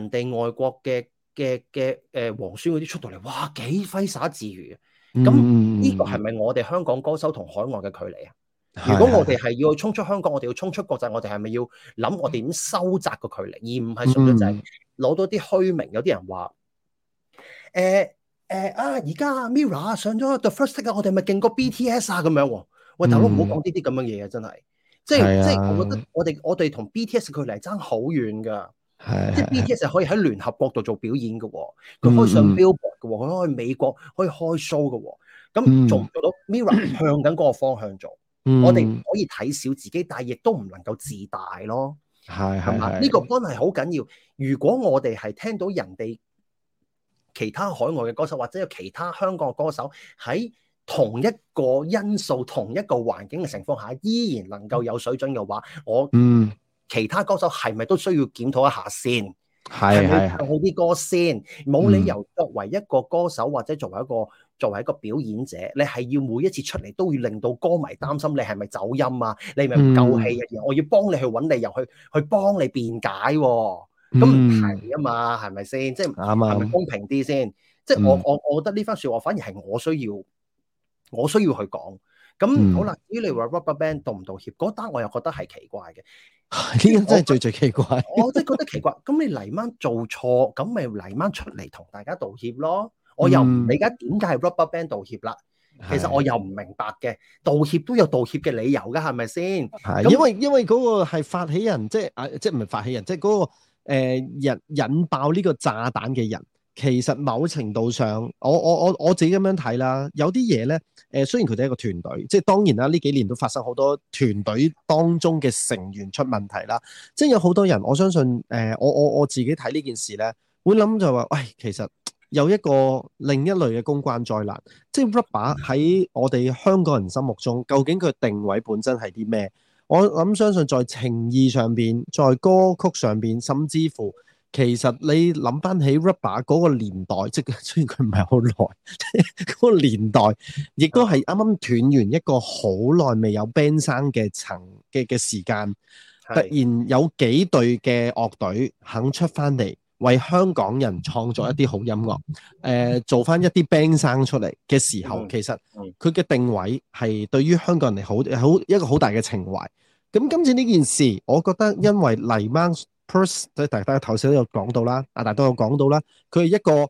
S2: 人哋外國嘅嘅嘅誒皇孫嗰啲出到嚟，哇，幾揮灑自如
S3: 嘅，咁呢、嗯、個
S2: 係咪我哋香港歌手同海外嘅距離啊？的如果我哋係要去衝出香港，我哋要衝出國際，我哋係咪要諗我點收窄個距離，而唔係純粹
S3: 就
S2: 攞到啲虛名？嗯、有啲人話，誒、欸、誒、欸、啊，而家 Mirror 上咗 The First Take, 我哋咪勁過 BTS 啊，咁樣，喂大佬唔好講呢啲咁樣嘢啊，真係。
S3: 即係、啊、即係，我覺得
S2: 我哋我哋同 BTS 距離爭好遠噶。是的 即係 BTS 可以喺聯合國度做表演嘅、喎，佢可以上 Billboard 嘅、喎，佢、嗯、可以美國可以開 show 嘅、喎。咁做唔做到？Mirror 向緊嗰個方向做，嗯、我哋唔可以睇小自己，但係亦都唔能夠自大咯。
S3: 係係咪？呢的個
S2: 關係好緊要。如果我哋係聽到人哋其他海外嘅歌手，或者有其他香港嘅歌手喺，同一個因素、同一個環境嘅情況下，依然能夠有水準嘅話，我其他歌手係咪都需要檢討一下先？係咪唱好啲歌先？冇理由作為一個歌手或者作為一個作為一個表演者，你係要每一次出嚟都要令到歌迷擔心你係咪走音啊？你係咪唔夠氣嘅嘢，我要幫你去揾理由去去幫你辯解，咁唔係啊嘛？係咪先？即係，係咪公平啲先？即係我我我覺得呢番說話反而係我需要。我需要去講，咁好啦。至於你、嗯、話 Rubberband 道唔道歉，嗰單我又覺得係奇怪嘅，
S1: 呢個真係最最
S3: 奇怪。
S2: 我真係覺得奇怪。咁 你嚟晚做錯，咁咪嚟晚出嚟同大家道歉咯。我又唔理解點解係 Rubberband 道歉啦？嗯、其實我又唔明白嘅，的道歉都有道歉嘅理由噶，係咪先？咁因為那因為嗰個係發起人，即、就、係、是、啊，即
S1: 係唔係發起人，即係嗰個誒引、呃、引爆呢個炸彈嘅人。其實某程度上，我我我我自己咁樣睇啦，有啲嘢咧，誒雖然佢哋係一個團隊，即係當然啦，呢幾年都發生好多團隊當中嘅成員出問題啦，即係有好多人，我相信誒我我我自己睇呢件事咧，會諗就話、是，喂、哎，其實有一個另一類嘅公關災難，即係 Rubber 喺我哋香港人心目中，究竟佢定位本身係啲咩？我諗相信在情義上邊，在歌曲上邊，甚至乎。其實你諗翻起 Rubber 嗰個年代，即係雖然佢唔係好耐，嗰 個年代亦都係啱啱斷完一個好耐未有 band 生嘅層嘅嘅時間，突然有幾隊嘅樂隊肯出翻嚟為香港人創作一啲好音樂，誒、呃、做翻一啲 band 生出嚟嘅時候，其實佢嘅定位係對於香港人嚟好好一個好大嘅情懷。咁今次呢件事，我覺得因為泥鯭。pers 即係大家頭先都有講到啦，阿大都有講到啦，佢係一個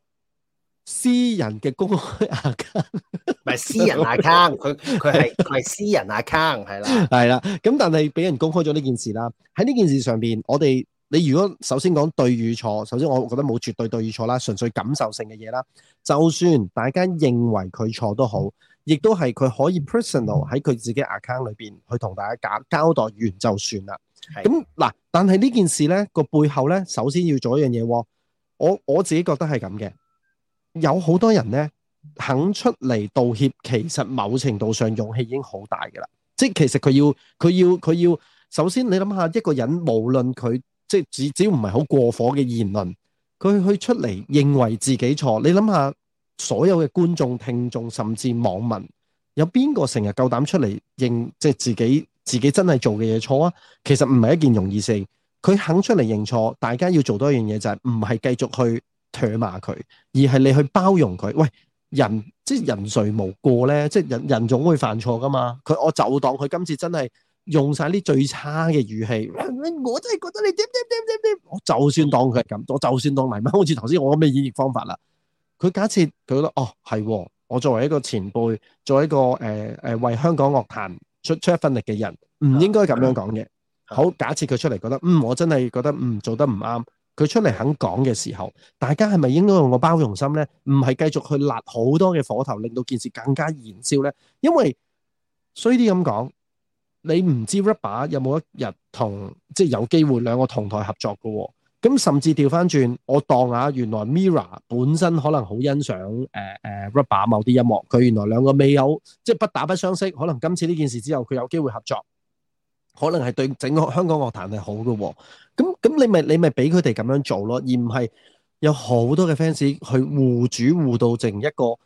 S1: 私人嘅公開
S3: account，唔係是 私人 account，佢佢係
S2: 私人 account 係啦，
S1: 係啦，咁但係俾人公開咗呢件事啦。喺呢件事上面，我哋你如果首先講對與錯，首先我覺得冇絕對對與錯啦，純粹感受性嘅嘢啦。就算大家認為佢錯都好，亦都係佢可以 personal 喺佢自己 account 裏面去同大家交交代完就算啦。咁嗱，但係呢件事呢個背後呢，首先要做一樣嘢。我我自己覺得係咁嘅，有好多人呢肯出嚟道歉，其實某程度上勇氣已經好大㗎喇。即係其實佢要佢要佢要，首先你諗下一個人，無論佢即係只只要唔係好過火嘅言論，佢去出嚟認為自己錯，你諗下所有嘅觀眾、聽眾甚至網民，有邊個成日夠膽出嚟認即係自己？自己真係做嘅嘢錯啊！其實唔係一件容易事。佢肯出嚟認錯，大家要做多一樣嘢就係唔係繼續去唾罵佢，而係你去包容佢。喂，人即係人誰無過咧？即係人人總會犯錯噶嘛。佢我就當佢今次真係用晒啲最差嘅語氣，我
S2: 真係覺得你點點點
S1: 點點。我就算當佢係咁，我就算當埋咪，好似頭先我咩演繹方法啦。佢假設佢覺得哦係，我作為一個前輩，作為一個誒誒、呃呃、為香港樂壇，出出一分力嘅人唔應該咁樣講嘅。好，假設佢出嚟覺得，嗯，我真係覺得，嗯，做得唔啱。佢出嚟肯講嘅時候，大家係咪應該用個包容心咧？唔係繼續去焫好多嘅火頭令到件事更加燃燒咧。因為衰啲咁講，你唔知 Rubber 有冇一日同即係有機會兩個同台合作嘅喎。.咁甚至調翻轉，我當下原來 Mira 本身可能好欣賞 Rubber 某啲音樂，佢原來兩個未有即係、就是、不打不相識，可能今次呢件事之後佢有機會合作，可能係對整個香港樂壇係好嘅喎。咁咁你咪你咪俾佢哋咁樣做咯，而唔係有好多嘅 fans 去護主護到，成一個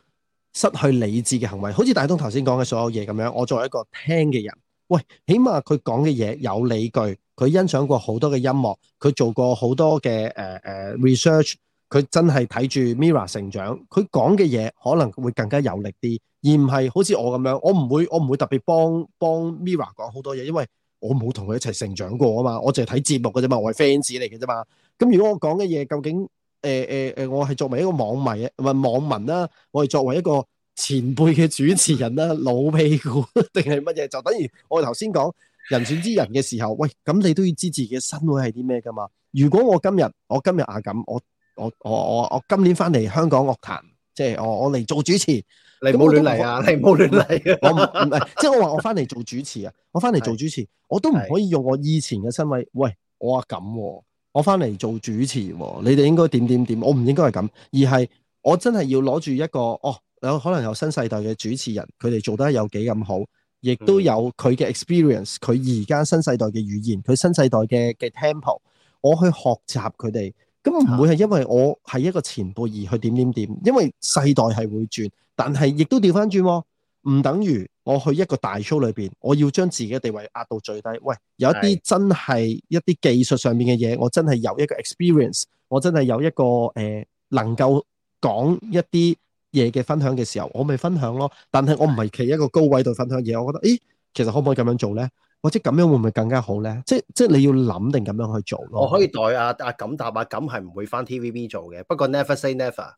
S1: 失去理智嘅行為，好似大東頭先講嘅所有嘢咁樣。我作為一個聽嘅人。喂，起碼佢講嘅嘢有理據，佢欣賞過好多嘅音樂，佢做過好多嘅、呃、research，佢真係睇住 Mira 成長，佢講嘅嘢可能會更加有力啲，而唔係好似我咁樣，我唔會我唔會特別幫幫 Mira 講好多嘢，因為我冇同佢一齊成長過啊嘛，我淨係睇節目嘅啫嘛，我係 fans 嚟嘅啫嘛，咁如果我講嘅嘢究竟、呃呃、我係作為一個網迷啊、呃、網民啊，唔係網民啦，我係作為一個。前輩嘅主持人啦、啊，老屁股定係乜嘢？就等於我頭先講人選之人嘅時候，喂，咁你都要知自己身位係啲咩噶嘛？如果我今日我今日啊咁，我我我我我今年翻嚟香港樂壇，即係我我嚟做主持，你冇亂嚟啊！不你冇亂嚟我唔唔係，即係我話 我翻嚟做主持啊！我翻嚟做主持，我都唔可以用我以前嘅身位。是的 喂，我話咁、啊，我翻嚟做主持、啊，你哋應該點點點？我唔應該係咁，而係我真係要攞住一個哦。有可能有新世代嘅主持人，佢哋做得有幾咁好，亦都有佢嘅 experience，佢而家新世代嘅語言，佢新世代嘅嘅 tempo，我去學習佢哋，咁唔會係因為我係一個前輩而去點點點，因為世代係會轉，但係亦都調翻轉喎，唔等於我去一個大 show 裏邊，我要將自己嘅地位壓到最低。喂，有一啲真係一啲技術上面嘅嘢，我真係有一個 experience，我真係有一個、呃、能夠講一啲。嘢嘅分享嘅時候，我咪分享咯。但係我唔係企一個高位度分享嘢，我覺得，咦，其實可唔可以咁樣做咧？或者咁樣會唔會更加好咧？即即你要諗定咁樣去做咯。我
S2: 可以代阿阿錦答，阿錦係唔會返 TVB 做嘅。不過 never say never，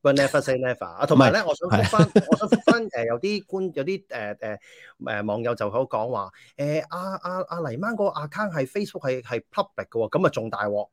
S2: 不過 never say never 啊。同埋咧，我想覆返，我想覆返誒有啲觀，有啲誒誒誒網友就好講話，誒阿阿阿黎曼個 account 係 Facebook，係係 public 嘅喎，咁啊仲大鑊。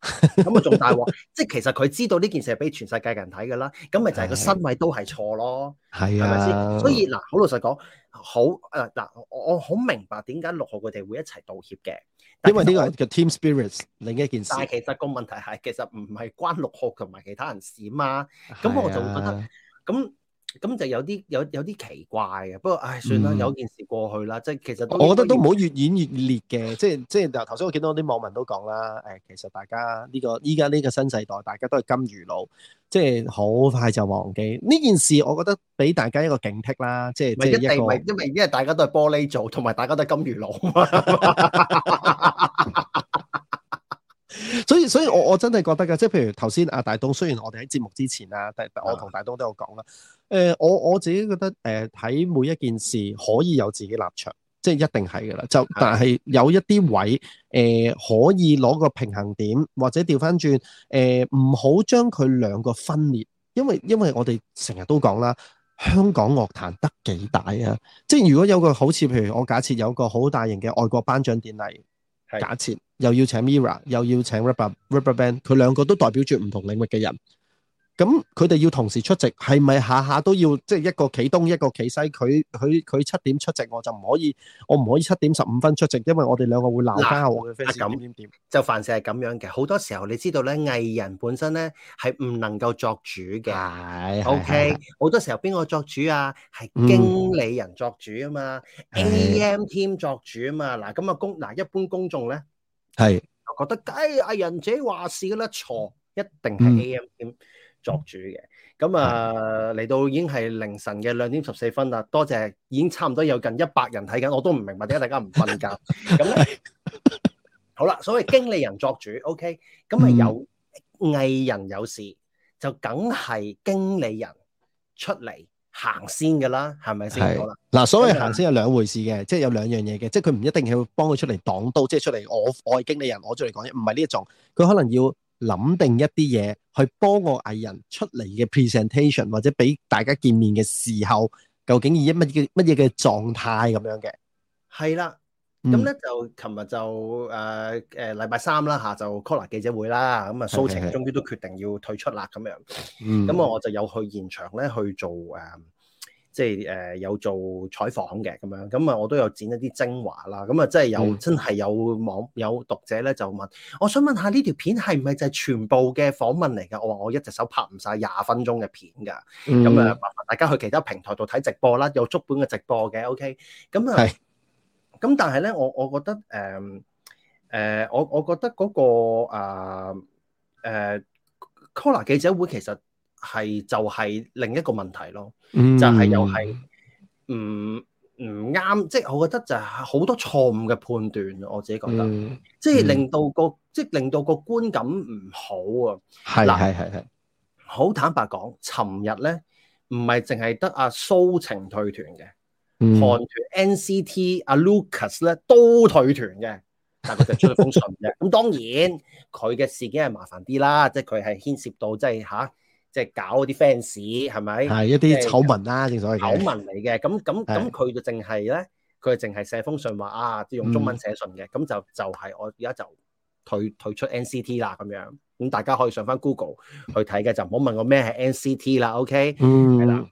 S2: 咁啊仲大鑊！即係其實佢知道呢件事係俾全世界人睇㗎啦，咁咪就係個身位都係錯咯，
S3: 係咪先？所以嗱，
S2: 好老實講，好誒，嗱、呃，我我好明白點解六號佢哋會一齊道歉嘅，
S1: 因為呢個係嘅 Team Spirit
S2: 另一件事。但係其實個問題係，其實唔係關六號同埋其他人事啊嘛，咁我就會覺得咁。的咁就有啲有有啲奇怪嘅，不過唉，算啦，有件事過去啦，嗯、即係其實我我覺得都唔好越演越烈嘅，即係即係頭先我見到啲網民都講
S1: 啦，誒，其實大家呢、呢個依家呢個新世代，大家都係金魚佬，
S2: 即係好
S1: 快就忘記呢件事，我覺得俾大家一個警惕啦，即係唔係一定唔係因
S2: 為因為大家都係玻璃做，同埋大家都係金魚佬
S1: 所以所以我我真係覺得噶，即係譬如頭先阿大東，雖然我哋喺節目之前啊，我同大東都有講啦。.誒、呃，我我自己覺得誒，睇、呃、每一件事可以有自己立場，即係一定係噶啦。就但係有一啲位誒、呃，可以攞個平衡點，或者調翻轉誒，唔、呃、好將佢兩個分裂。因為因為我哋成日都講啦，香港樂壇得幾大啊？嗯、即係如果有個好似譬如我假設有個好大型嘅外國頒獎典禮，是假設又要請 Mirror，又要請 Rubber RubberBand，佢兩個都代表住唔同領域嘅人。咁佢哋要同時出席，係咪下下都要即係一個企東一個企西？佢佢佢七點出席，我就唔可以，我唔可以七點十五分出席，因為我哋兩個會鬧翻啊！咁
S2: 就凡事係咁樣嘅，好多時候你知道咧，藝人本身咧係唔能夠作主嘅。O K，好多時候邊個作主啊？係經理人作主啊嘛，A M Team 作主啊嘛。嗱，咁啊公嗱，一般公眾咧係又覺得，哎，藝人自己話事㗎啦，錯一定係 A M Team。作主嘅，咁啊嚟到已經係凌晨嘅兩點十四分啦。多謝，已經差唔多有近一百人睇緊，我都唔明白點解大家唔瞓覺。咁咧，好啦，所謂經理人作主，OK，咁啊有藝人有事，就梗係經理人出嚟行先㗎啦，係咪先？
S1: 嗱，所謂行先有兩回事嘅，即係有兩樣嘢嘅，即係佢唔一定係要幫佢出嚟擋刀，即
S2: 係出嚟我我係經理人，我出嚟講
S1: 嘢，唔係呢一種，佢可能要。諗定一啲嘢去幫我藝人出嚟嘅 presentation，或者俾大家見面嘅時候，究竟以一乜嘅乜嘢嘅狀態
S3: 咁
S2: 樣嘅？係啦的，咁咧、嗯、就琴日就誒誒禮拜三啦吓，下就 COLLAR 記者會啦，咁啊蘇晴終於都決定要退出啦咁樣，咁啊、嗯、我就有去現場咧去做誒。呃即係誒有做採訪嘅咁樣，咁啊我都有剪一啲精華啦，咁啊即係有真係有網有讀者咧就問，嗯、我想問下呢條片係唔係就係全部嘅訪問嚟㗎？我話我一隻手拍唔晒廿分鐘嘅片㗎，咁啊、嗯，麻煩大家去其他平台度睇直播啦，有足本嘅直播嘅，OK，咁啊，咁是但係咧，我我覺得誒誒、呃，我我覺得嗰、嗰個啊誒，COLLAR 記者會其實。係就係另一個問題咯就係、是、又係唔唔啱，即係、就是、我覺得就係好多錯誤嘅判斷，我自己覺得，即係令到個即係令到個觀感唔好啊。係係係係，好坦白講，尋日咧唔係淨係得阿蘇晴退團嘅，嗯、韓團 NCT 阿、啊、Lucas 咧都退團嘅，但佢就出封信嘅。咁 當然佢嘅事件係麻煩啲啦，即係佢係牽涉到即係吓。啊即係搞嗰啲 fans 係咪？係一啲醜聞
S1: 啦，啊，正所謂，醜聞
S2: 嚟嘅咁咁咁，佢的就淨係咧，佢淨係寫封信話啊，用中文寫信嘅咁、嗯、就就係、是、我而家就退退出 NCT 啦咁樣咁、嗯、大家可以上翻 Google 去睇嘅，就唔好問我咩係 NCT 啦。OK，係啦、嗯，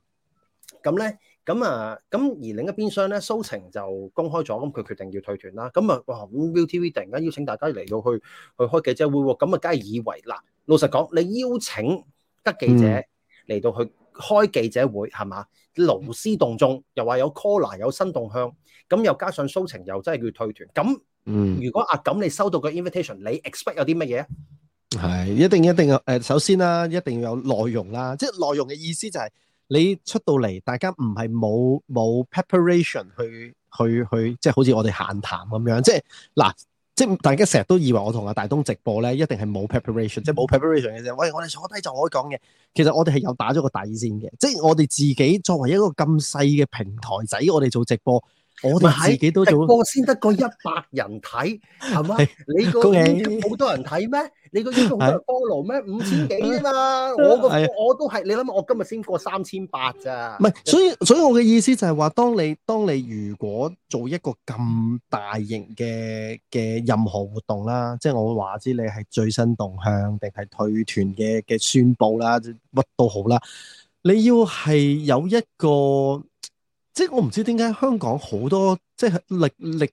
S2: 咁咧咁啊咁而另一邊廂咧，蘇晴就公開咗，咁佢決定要退團啦。咁啊哇咁 Viu TV 突然間邀請大家嚟到去去開記者會喎、哦，咁啊梗係以為啦。老實講，你邀請。得記者嚟到去開記者會係嘛？勞師、嗯、動眾，又話有 call 喇、er, 有新動向，咁又加上蘇情又真係叫退團，咁嗯，如果阿錦你收到個 invitation，你 expect 有啲乜嘢
S1: 啊？一定一定誒、呃，首先啦，一定要有內容啦，即係內容嘅意思就係、是、你出到嚟，大家唔係冇冇 preparation 去去去，即係好似我哋閒談咁樣，即係嗱。即係大家成日都以為我同阿大東直播咧，一定係冇 preparation，即係冇 preparation 嘅啫。喂，我哋坐低就可以講嘅。其實我哋係有打咗個底先嘅。即係我哋自己作為一個咁細嘅平台仔，我哋做直播。
S2: 我哋自己都做，過先得過一百人睇，係咪？ 你個好多人睇咩？ 你個 YouTube 波羅咩？五千幾啊嘛？我個 我都係， 你諗下，我今日先過三千八咋？唔係，
S1: 所以所以我嘅意思就係話，當你當你如果做一個咁大型嘅嘅任何活動啦，即係我會話知你係最新動向，定係退團嘅嘅宣布啦，乜都好啦，你要係有一個。即係我唔知點解香港好多即係歷歷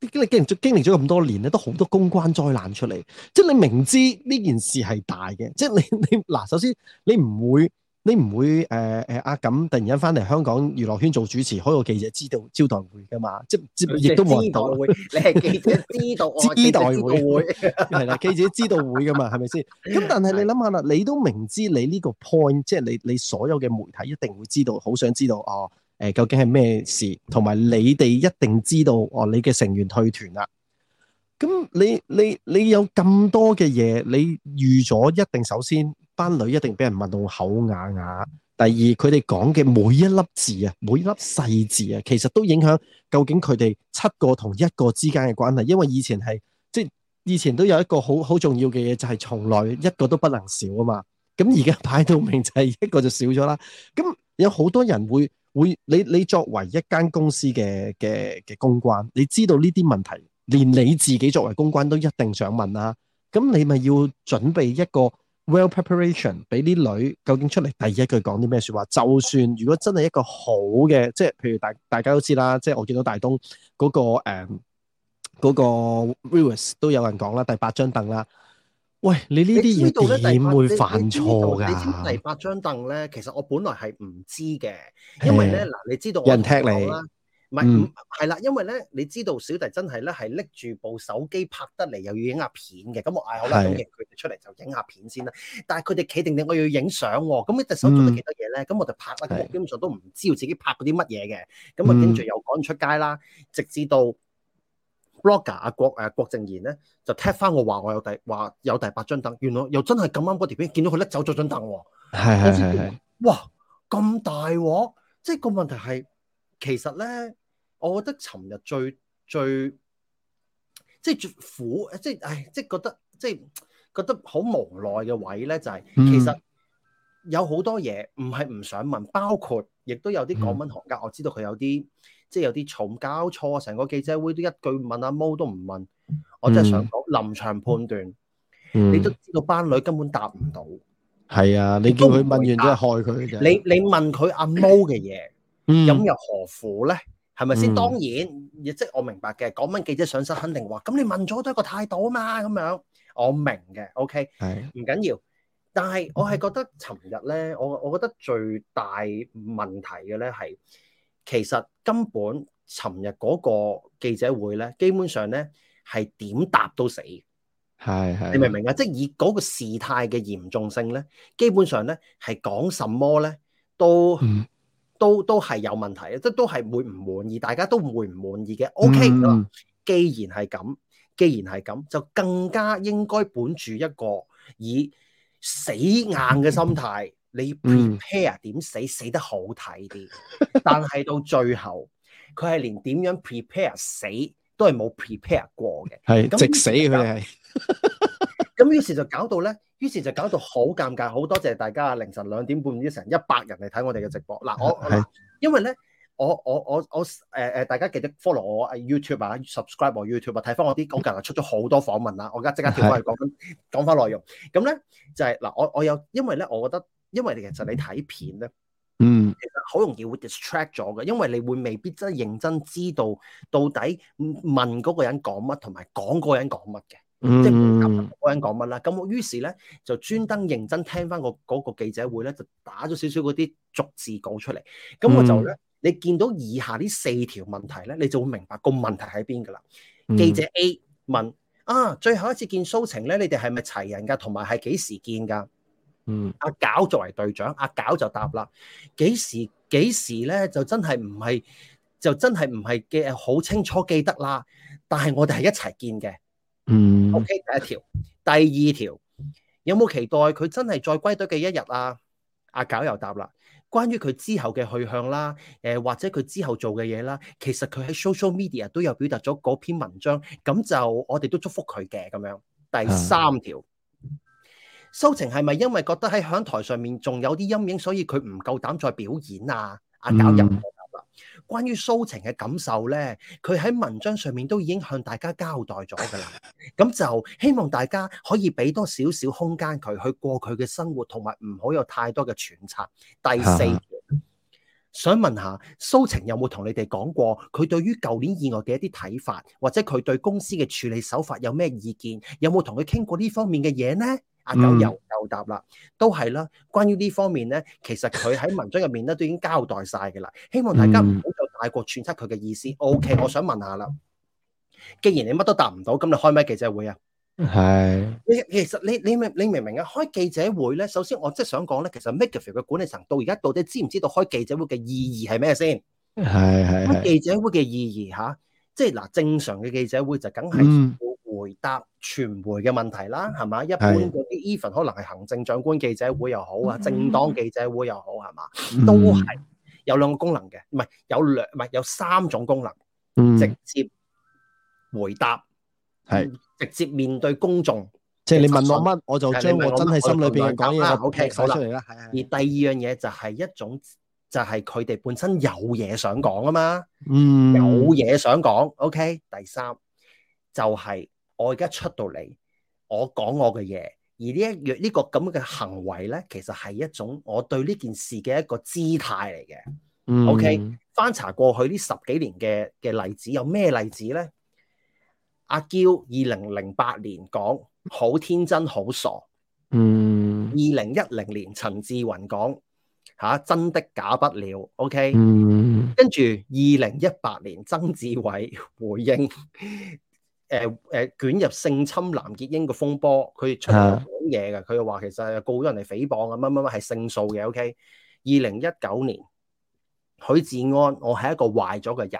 S1: 歷經歷經歷咗咁多年咧，都好多公關災難出嚟。即係你明知呢件事係大嘅，即係你你嗱，首先你唔會你唔會誒誒阿感突然間翻嚟香港娛樂圈做主持，開個記者知道招待會噶嘛？即係亦都冇招待會，你
S2: 係記者知道招
S1: 待 會係啦， 記者知道會噶嘛？係咪先？咁但係你諗下啦，你都明知你呢個 point，即你你所有嘅媒體一定會知道，好想知道哦。誒，究竟係咩事？同埋你哋一定知道哦，你嘅成員退團啦。咁你你你有咁多嘅嘢，你預咗一定，首先班女一定俾人問到口啞啞。第二，佢哋講嘅每一粒字啊，每一粒細字啊，其實都影響究竟佢哋七個同一個之間嘅關係。因為以前係即係以前都有一個好好重要嘅嘢，就係從來一個都不能少啊嘛。咁而家擺到明就係一個就少咗啦。咁有好多人會。會你你作為一間公司嘅嘅嘅公關，你知道呢啲問題，連你自己作為公關都一定想問啦、啊。咁你咪要準備一個 well preparation 俾啲女，究竟出嚟第一句講啲咩說話？就算如果真係一個好嘅，即係譬如大大家都知啦，即係我見到大東嗰、嗰個誒、嗯嗰個 views 都有人講啦，第八張凳啦。喂，你呢啲嘢點會犯錯嘅？你知第
S2: 八張凳咧，其實我本來係唔知嘅，是因為咧嗱，你知道我，我人踢你啦，唔、嗯、係，係啦，因為咧，你知道小弟真係咧係拎住部手機拍得嚟，又要影下片嘅，咁我嗌我咧講完佢哋出嚟就影下片先啦。但係佢哋企定定，我要影相喎，你隻手做咗幾多嘢咧？咁、嗯、我就拍得，是基本上都唔知道自己拍過啲乜嘢嘅。咁啊，跟住又趕出街啦，嗯、直至到。blogger 阿郭誒、啊、郭靖賢咧就踢翻我話我有第話有第八張凳，原來又真係咁啱嗰條片見到佢拎走咗張凳喎，係哇咁大喎、啊！即係個問題係其實咧，我覺得尋日最最即係最苦，即係唉，即係覺得即係覺得好無奈嘅位咧，就係、是嗯、其實有好多嘢唔係唔想問，包括亦都有啲港聞行家，嗯、我知道佢有啲。即係有啲重交錯，成個記者會都一句問阿毛都唔問，我真係想講臨場判斷，你都知個班女根本答唔到。
S1: 係啊，你叫佢問完都係害佢
S2: 嘅啫。你你問佢阿毛嘅嘢，咁又何苦咧？係咪先？當然，亦即係我明白嘅。港聞記者上身肯定話，咁你問咗都係個態度啊嘛咁樣。我明嘅，OK，唔緊要。但係我係覺得尋日咧，我我覺得最大問題嘅咧係。其實根本尋日嗰個記者會咧，基本上咧係點答都死，係係，你明唔明啊？即係以嗰個事態嘅嚴重性咧，基本上咧係講什麼咧都都都係有問題，即係都係會唔滿意，大家都會唔滿意嘅。OK，既然係咁，既然係咁，就更加應該本住一個以死硬嘅心態。你 prepare 點死、嗯、死得好睇啲，但係到最後佢係連點樣 prepare 死都係冇 prepare 過嘅，係是那直死佢哋係。咁於是就搞到咧，於 是就搞到好尷尬。好多謝大家凌晨兩點半，一成一百人嚟睇我哋嘅直播。嗱，我,我因為咧，我我我我誒誒，大家記得 follow 我 YouTube 啊，subscribe 我 YouTube 啊，睇翻我啲 我近日出咗好多訪問啦。我而家即刻跳翻去講翻講翻內容。咁咧就係嗱，我我有因為咧，我覺得。因為其實你睇片咧，嗯，其實好容易會 distract 咗嘅，因為你會未必真係認真知道到底問嗰個人講乜，同埋講嗰個人講乜嘅，
S3: 嗯、即係講嗰
S2: 個人講乜啦。咁我於是咧就專登認真聽翻個個記者會咧，就打咗少少嗰啲逐字稿出嚟。咁我就咧，嗯、你見到以下呢四條問題咧，你就會明白個問題喺邊噶啦。記者 A 問：嗯、啊，最後一次見蘇晴咧，你哋係咪齊人噶？同埋係幾時見噶？阿搞、啊、作為隊長，阿、啊、搞就答啦，幾時幾時咧就真係唔係，就真係唔係嘅好清楚記得啦。但係我哋係一齊見嘅。
S3: 嗯，OK，
S2: 第一條，第二條，有冇期待佢真係再歸隊嘅一日啊？阿、啊、搞又答啦，關於佢之後嘅去向啦，誒、呃、或者佢之後做嘅嘢啦，其實佢喺 social media 都有表達咗嗰篇文章，咁就我哋都祝福佢嘅咁樣。第三條。嗯蘇晴係咪因為覺得喺響台上面仲有啲陰影，所以佢唔夠膽再表演啊？啊，搞任何嘢啦。關於蘇晴嘅感受呢，佢喺文章上面都已經向大家交代咗噶啦。咁 就希望大家可以俾多少少空間佢去過佢嘅生活，同埋唔好有太多嘅揣測。第四， 想問下蘇晴有冇同你哋講過佢對於舊年意外嘅一啲睇法，或者佢對公司嘅處理手法有咩意見？有冇同佢傾過呢方面嘅嘢呢？阿、啊、九又又答啦，嗯、都係啦。關於呢方面咧，其實佢喺文章入面咧都已經交代晒噶啦。嗯、希望大家唔好就太過揣測佢嘅意思。O、OK, K，我想問下啦，既然你乜都答唔到，咁你開咩記者會啊？
S3: 係
S2: 是。其實你你，你，你明你明唔明啊？開記者會咧，首先我即係想講咧，其實 MakerVille 嘅管理層到而家到底知唔知道開記者會嘅意義係咩先？
S3: 係係。記
S2: 者會嘅意義吓、啊，即係嗱，正常嘅記者會就梗係。回答傳媒嘅問題啦，係嘛？一般嗰啲 even 可能係行政長官記者會又好啊， 政黨記者會又好，係嘛？都係有兩個功能嘅，唔係有兩唔係有三種功能。嗯、直接回答係的直接面對公眾，
S3: 即係你問我乜，我就將我真係心裏邊講嘢講出嚟啦。Okay,
S2: 的而第二樣嘢就係一種，就係佢哋本身有嘢想講啊嘛。
S3: 嗯，有嘢
S2: 想講。O、okay? K，第三就係、是。我而家出到嚟，我講我嘅嘢，而呢一呢個咁嘅、這個、行為咧，其實係一種我對呢件事嘅一個姿態嚟嘅。嗯、OK，翻查過去呢十幾年嘅嘅例子，有咩例子咧？阿嬌二零零八年講好天真好傻，嗯。
S3: 二
S2: 零一零年陳志雲講吓真的假不了，OK、嗯。跟住二零一八年曾志偉回應。誒誒捲入性侵藍潔瑛嘅風波，佢出嚟講嘢嘅，佢又話其實係告咗人哋誹謗啊乜乜乜，係勝訴嘅。O K，二零一九年許志安，我係一個壞咗嘅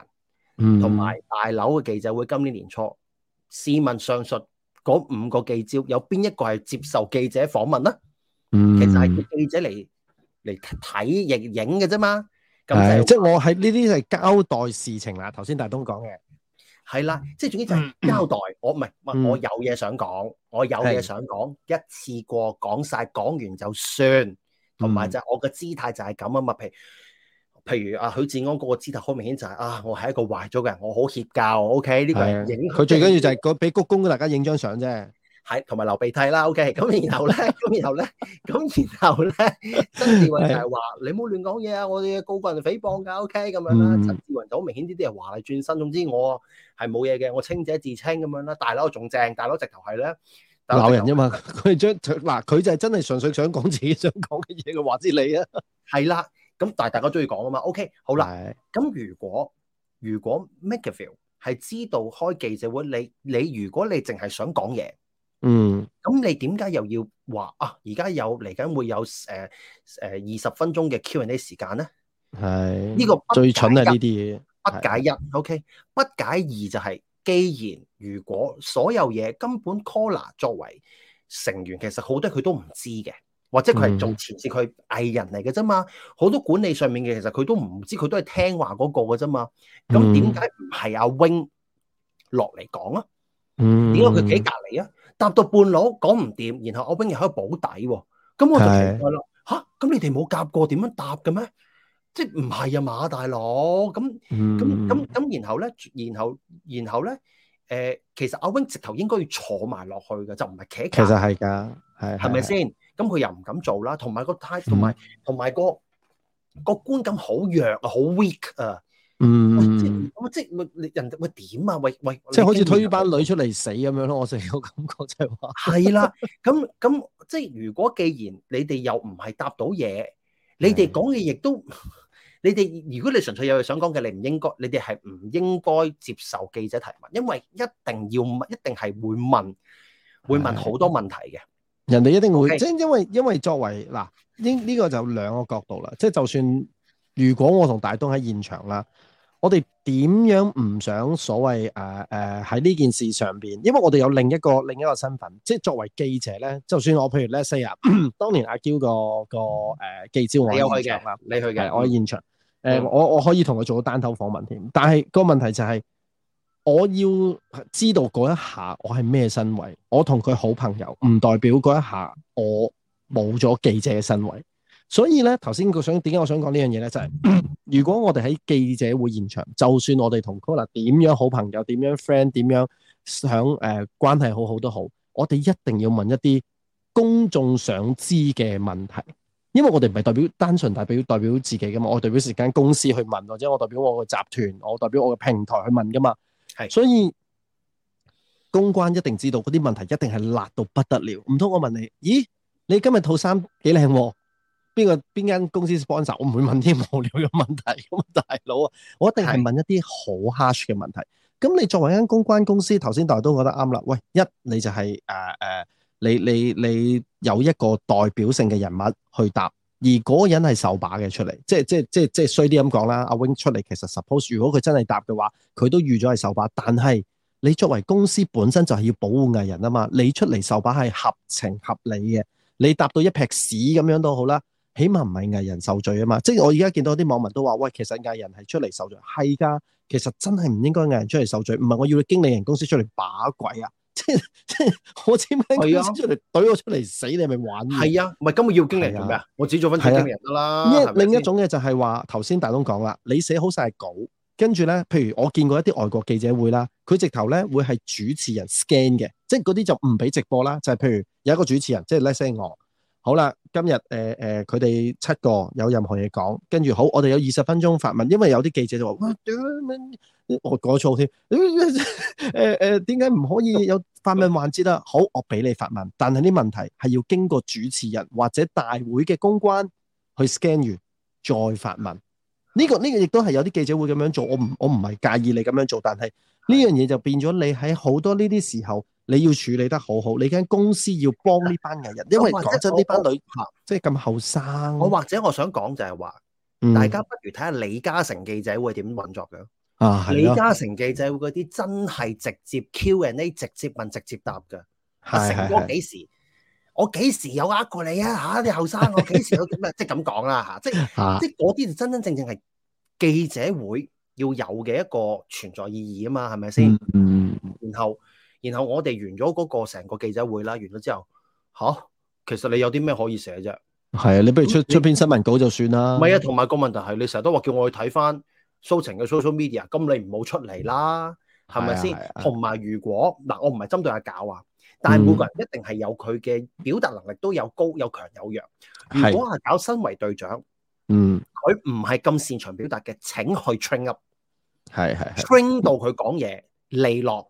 S2: 人，
S3: 同埋
S2: 大樓嘅記者會今年年初，試問上述嗰五個記招有邊一個係接受記者訪問咧？
S3: 其實係
S2: 記者嚟嚟睇逆影嘅啫嘛。咁即係即係我喺呢啲係交代事情啦。頭先大東講嘅。係啦，即係總之就係交代我唔係，我有嘢想講，嗯、我有嘢想講，是一次過講晒。講完就算，
S3: 同埋、嗯、就
S2: 係我嘅姿態就係咁啊嘛。譬如譬如啊，許志安嗰個姿態好明顯就係、是、啊，我係一個壞咗嘅人，我好協教，OK？呢、啊、個影佢最緊要就
S1: 係個俾鞠躬，大家影張相啫。
S2: 同埋流鼻涕啦，OK，咁然後咧，咁然後咧，咁 然後咧，曾志雲就係 話：OK 嗯、說你冇亂講嘢啊！我哋嘅告發人誹謗㗎，OK，咁樣啦。曾志雲就好明顯啲啲係華麗轉身。總之我係冇嘢嘅，我清者自清咁樣啦。大佬仲正，大佬直頭係咧。鬧人啫嘛，
S1: 佢將嗱佢就係真係純粹想講自己想
S2: 講嘅嘢嘅話之 你啊，係 啦。咁但係大家中意講啊嘛，OK，好啦。咁的如果如果 MakerVille 係知道開記者會，你你如果你淨係想講嘢。嗯，咁你點解又要話啊？而家有嚟緊會有誒誒二十分鐘嘅 Q&A 時間咧？係呢是個最蠢啊！呢啲嘢不解一是，OK？不解二就係、是，既然如果所有嘢根本 Collar 作為成員，其實好多佢都唔知嘅，或者佢係做前線佢藝人嚟嘅啫嘛，好、嗯、多管理上面嘅，其實佢都唔知，佢都係聽話嗰個嘅啫嘛。咁點解唔係阿 Wing 落嚟講啊？嗯，
S3: 點解佢企隔
S2: 離啊？搭到半路講唔掂，然後阿 wing 又喺度保底，咁我就明啦嚇，咁你哋冇夾過點樣搭嘅咩？即係唔係啊馬大佬，咁咁咁咁，然後咧，然後然後咧，誒，其實阿 wing 直頭應該要坐埋落去嘅，就唔係騎架，其實係㗎，
S1: 係係咪先？
S2: 咁佢又唔敢做啦，同埋個態度，同埋同埋個個觀感好弱啊，好 weak 啊！嗯，即係人哋會點啊？喂喂，即係好似推班女出嚟死咁樣咯，我成個感覺就係話係啦。咁咁 即係如果既然你哋又唔係答到嘢，的你哋講嘢亦都，你哋如果你純粹有嘢想講嘅，你唔應該，你哋係唔應該接受記者提問，因為一定要問，一定係會問，的會問好多問題嘅。
S1: 人哋一定會 Okay. 即係因為因為作為嗱呢呢個就有兩個角度啦。即係就算如果我同大東喺現場啦。我哋點樣唔想所謂，誒誒喺呢件事上邊，因為我哋有另一個另一個身份，即係作為記者咧。就算我譬如 let say 啊， 當年阿嬌個個誒記招，我有去
S3: 嘅，你去嘅，我喺現場。誒，
S1: 我我可以同佢做單頭訪問添。但係個問題就係，我要知道嗰一下我係咩身位。我同佢好朋友唔代表嗰一下我冇咗記者嘅身位。所以咧，頭先我想點解我想講呢樣嘢咧？就係、
S3: 是、
S1: 如果我哋喺記者會現場，就算我哋同 COLLAR 點樣好朋友、點樣 friend、點樣想誒、呃、關係好好都好，我哋一定要問一啲公眾想知嘅問題，因為我哋唔係代表單純代表代表自己噶嘛，我代表呢間公司去問，或者我代表我嘅集團，我代表我嘅平台去問噶嘛。是所以公關一定知道嗰啲問題一定係辣到不得了。唔通我問你？咦，你今日套衫幾靚喎？邊個邊間公司 sponsor？我唔會問啲無聊嘅問題，咁大佬啊，我一定係問一啲好 hush 嘅問題。咁你作為一間公關公司，頭先大都覺得啱啦。喂，一你就係誒誒，你你你有一個代表性嘅人物去答，而嗰個人係受把嘅出嚟，即係即係即係即係衰啲咁講啦。阿 Wing 出嚟其實 suppose 如果佢真係答嘅話，佢都預咗係受把。但係你作為公司本身就係要保護藝人啊嘛，你出嚟受把係合情合理嘅，你答到一劈屎咁樣都好啦。起碼唔係藝人受罪啊嘛，即係我而家見到啲網民都話，喂，其實藝人係出嚟受罪，係噶，其實真係唔應該藝人出嚟受罪，唔係我要你經理人公司出嚟把鬼啊，即係即係我
S2: 簽
S3: 名公
S1: 司出嚟
S2: 懟、啊、我出嚟死，你係咪玩？係啊，唔係今日要經理人咩啊？我只做翻正經理人㗎啦。一、啊、
S1: 另一種嘅就係話，頭先大東講啦，你寫好晒稿，跟住咧，譬如我見過一啲外國記者會啦，佢直頭咧會係主持人 scan 嘅，即係嗰啲就唔俾直播啦，就係、是、譬如有一個主持人，即係 let's say 我。 好啦，今日誒誒佢哋七個有任何嘢講，跟住好，我哋有二十分鐘發問，因為有啲記者就話，我
S3: 講
S1: 錯添，誒誒點解唔可以有發問環節、啊、好，我俾你發問。但係啲問題係要經過主持人或者大會嘅公關去 scan 完再發問。呢、呢個呢、呢個亦都係有啲記者會咁樣做，我唔我唔係介意你咁樣做，但係呢樣嘢就變咗你喺好多呢啲時候。你要處理得好好，你間公司要幫呢班
S2: 藝人，因為即係呢班女，即係咁後生。我或者我想講就係話，大家不如睇下李嘉誠記者會點運作嘅。啊，
S3: 李嘉
S2: 誠記者會嗰啲真係直接 Q and A，直接問，直接答嘅。成哥幾時？我幾時有呃過你啊？嚇你後生，我幾時有咁啊？即係咁講啦嚇，即係即係嗰啲就真真正正係記者會要有嘅一個存在意義啊嘛，係咪先？嗯，然後。然後我哋完咗嗰個成個記者會啦，完咗之後，吓、啊，其實你有啲咩可以寫啫？
S1: 係啊，你不如出出篇新聞稿就算啦。唔係啊，同
S2: 埋個問題係，你成日都話叫我去睇翻蘇晴嘅 social media，咁你唔好出嚟啦，係咪先？同埋如果嗱，我唔係針對阿搞啊，嗯、但係每個人一定係有佢嘅表達能力，都有高有強有弱。如果阿搞身為隊長，嗯，佢唔係咁擅長表達嘅，請去 train up，係係 train 到佢講嘢利落。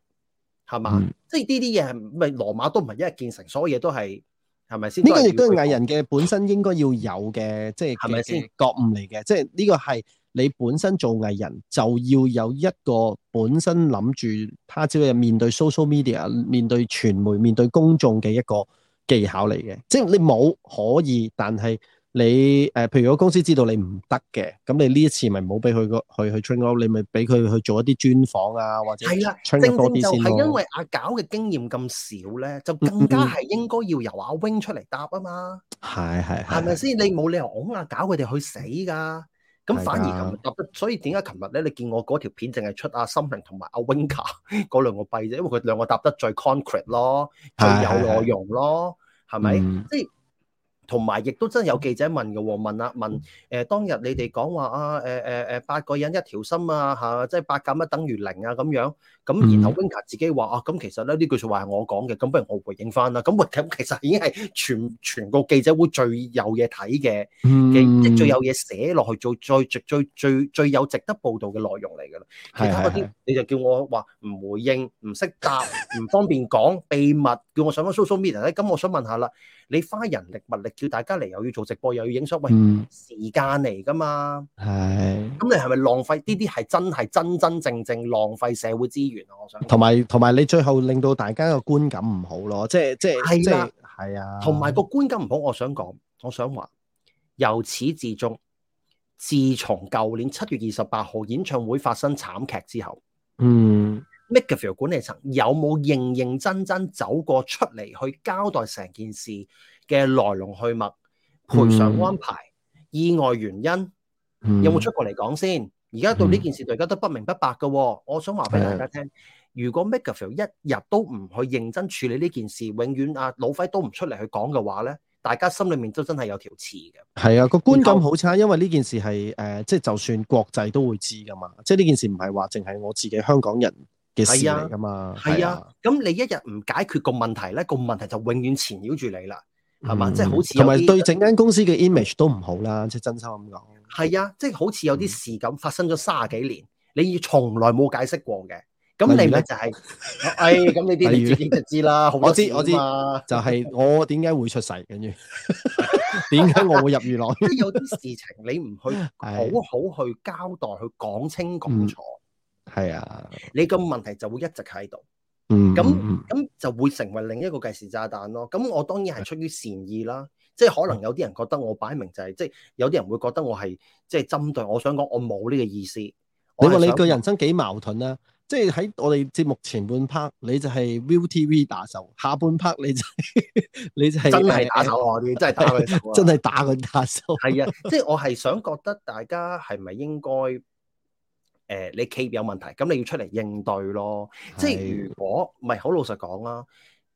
S2: 係嘛？是嗯、即係呢啲嘢係咪羅馬都唔係一日建成，所有嘢都係係咪先？呢個亦都係藝人
S1: 嘅本身應該要有嘅， 即係係咪先覺悟嚟嘅？即係呢個係你本身做藝人就要有一個本身諗住，他朝日面對 social media、面對傳媒、面對公眾嘅一個技巧嚟嘅。即係你冇可以，但係。你誒，譬如個公司知道你唔得嘅，咁你呢一次咪唔好俾佢個去去 training 咯，你咪俾佢去做一啲專訪
S2: 啊，或者 training 就係因為阿搞嘅經驗咁少咧，就更加係應該要由阿 wing 出嚟答啊嘛。係係係咪先？你冇理由㧬阿搞佢哋去死噶。咁反而琴日答得，所以點解琴日咧？你見我嗰條片淨係出阿心凌同埋阿 wing 卡嗰兩個幣啫，因為佢兩個答得最 concrete 咯，最有內容咯，係咪？即係。同埋亦都真有記者問嘅，問啊問，誒、呃、當日你哋講話啊，誒誒誒八個人一條心啊，嚇、啊，即係八減一等於零啊咁樣，咁然後 Winka 自己話、嗯、啊，咁其實咧呢句説話係我講嘅，咁不如我回應翻啦。咁咁其實已經係全全個記者會最有嘢睇嘅，即、嗯、最有嘢寫落去，做最最最最最有值得報導嘅內容嚟㗎啦。其他嗰啲是你就叫我話唔回應，唔識答，唔 方便講秘密，叫我上翻 social media 咧。咁我想問下啦。你花人力物力叫大家嚟，又要做直播，又要影相，喂，嗯、時間嚟噶嘛？係的。咁你係咪浪費？呢啲係真係真真正正浪費社會資源啊！我想
S1: 同埋同埋，你最後令到大家嘅觀感唔好咯，即係即係的即
S2: 係啊。同埋個觀感唔好，我想講，我想話，由始至終，自從舊年七月二十八號演唱會發生慘劇之後，嗯。MakerVille 管理層有冇認認真真走過出嚟去交代成件事嘅來龍去脈、
S3: 賠償安
S2: 排、嗯、意外原因，嗯、
S3: 有冇出
S2: 過嚟講先？而家到呢件事，大家都不明不白噶、哦。我想話俾大家聽，嗯、如果 MakerVille 一日都唔去認真處理呢件事，永遠啊老輝都唔出嚟去講嘅話咧，大家心裏面都真係有條刺嘅。
S1: 係啊，個觀感好差，後因為呢件事係誒，即、呃、係、就是、就算國際都會知噶嘛，即係呢件事唔係話淨係我自己香港人嘅事嚟噶嘛？係啊，
S2: 咁你一日唔解決個問題咧，個問題就永遠纏繞住你啦，係嘛？即係好似同埋對整間公司嘅 image 都唔好啦，即係真心咁講。係啊，即係好似有啲事咁發生咗三十幾年，你從來冇解釋過嘅，咁你咪就係，哎，咁你啲就知啦。我知我知，就係我點解會出世，跟住點解我會入娛樂。即係有啲事情你唔去好好去交代，去講清講楚。係啊，你個問題就會一直喺度，
S3: 咁咁、嗯、
S2: 就會成為另一個計時炸彈咯。咁我當然係出於善意啦，嗯、即係可能有啲人覺得我擺明就係、是，即係、嗯、有啲人會覺得我係即係針對。我想講，我冇呢個意思。你話你個人生幾矛盾啊？即
S1: 係喺我哋節目前半 part，你就係 ViuTV 打手，下半 part，你就係、 你就係、是、真係打手啊！你、嗯、真係打真係打佢打手。係啊，
S2: 即係我係想覺得大家係咪應該？誒、呃，你企 a 有問題，咁你要出嚟應對咯。即係如果，唔係好老實講啦。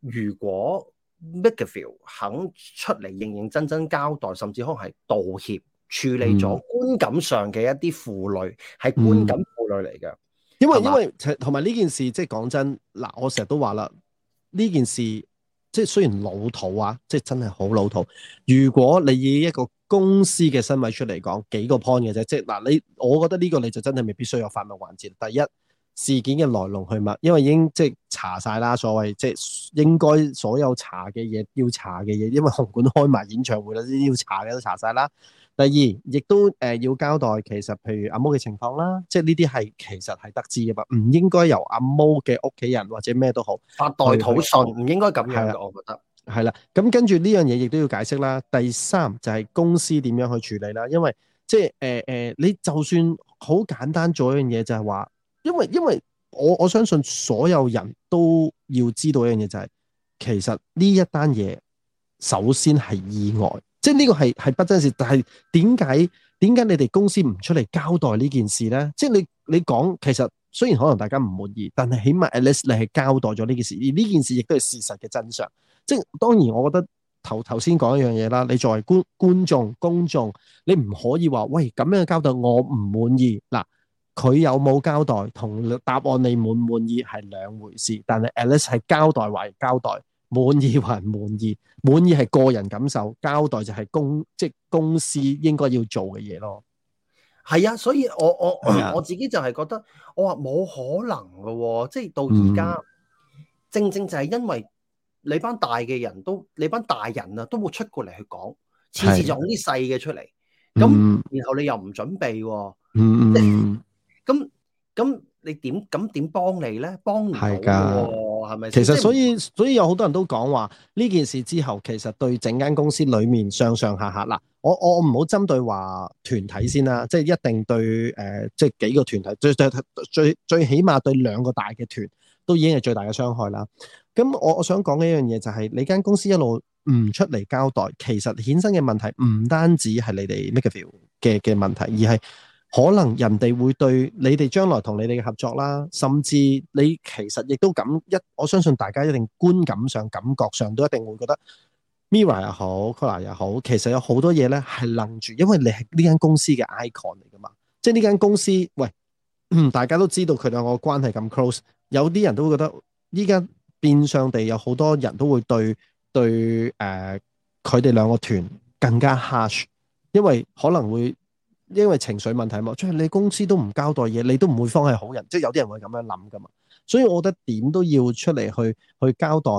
S2: 如果 McGuffey 肯出嚟認認真真交代，甚至可能係道歉處理咗觀感上嘅一啲負累，係、嗯、觀感負累嚟嘅。因為吧因為
S1: 同埋呢件事，即係講真嗱，我成日都話啦，呢件事即係雖然老土啊，即係真係好老土。如果你以一個公司嘅新聞出嚟講幾個 point 嘅啫，即係嗱你，我覺得呢個你就真係未必需有發問環節。第一，事件嘅來龍去脈，因為已經即係查晒啦，所謂即係應該所有查嘅嘢，要查嘅嘢，因為紅館開埋演唱會啦，要查嘅都查晒啦。第二，亦都誒、呃、要交代其實譬如阿毛嘅情況啦，即係呢啲係其實係得知嘅嘛，唔應該由阿毛嘅屋企人或者咩都好發代口信，唔去應該咁樣的我覺得。係啦，咁跟住呢樣嘢亦都要解釋啦。第三就係、是、公司點樣去處理啦，因為即係誒誒，你就算好簡單做一樣嘢，就係話，因為因為我我相信所有人都要知道一樣嘢、就是，就係其實呢一單嘢首先係意外，即係呢個係係不真實。但係點解點解你哋公司唔出嚟交代呢件事咧？即係你你講，其實雖然可能大家唔滿意，但係起碼 at least 你係交代咗呢件事，而呢件事亦都係事實嘅真相。即係當然，我覺得頭頭先講一樣嘢啦。你作為觀觀眾、公眾，你唔可以話喂咁樣嘅交代我唔滿意嗱，佢有冇交代同答案你滿唔滿意係兩回事。但係 at least 係交代還交代，滿意還滿意，滿意係個人感受，交代就係公即係公司應該要做嘅嘢
S2: 咯。係啊，所以我我我自己就係覺得我話冇可能嘅喎，即係到而家正正就係因為。你班大嘅人都，你班大人啊，都冇出過嚟去講，次次就揾啲細嘅出嚟，
S3: 咁
S2: 然後你又唔準備喎，咁咁、嗯、 你點咁點幫你咧？幫你係噶，係咪的？吧其實所以所以有好多人都講話呢件事
S1: 之後，其實對整間公司裏面上上下下嗱，我我唔好針對話團體先啦，嗯、即係一定對誒、呃，即係幾個團體，最最最最起碼對兩個大嘅團都已經係最大嘅傷害啦。咁我我想講嘅一樣嘢就係你間公司一路唔出嚟交代，其實衍生嘅問題唔單止係你哋 MakerVille 嘅嘅問題，而係可能人哋會對你哋將來同你哋嘅合作啦，甚至你其實亦都咁一，我相信大家一定觀感上、感覺上都一定會覺得 Mirror 又好，COLLAR 又好，其實有好多嘢呢係愣住，因為你係呢間公司嘅 icon 嚟噶嘛，即係呢間公司，喂，大家都知道佢兩個關係咁 close，有啲人都會覺得呢間。變相地有好多人都會對對誒佢哋兩個團更加 harsh，因為可能會因為情緒問題嘛，即係你公司都唔交代嘢，你都唔會放棄好人，即係有啲人會咁樣諗㗎嘛，所以我覺得點都要出嚟去去交代，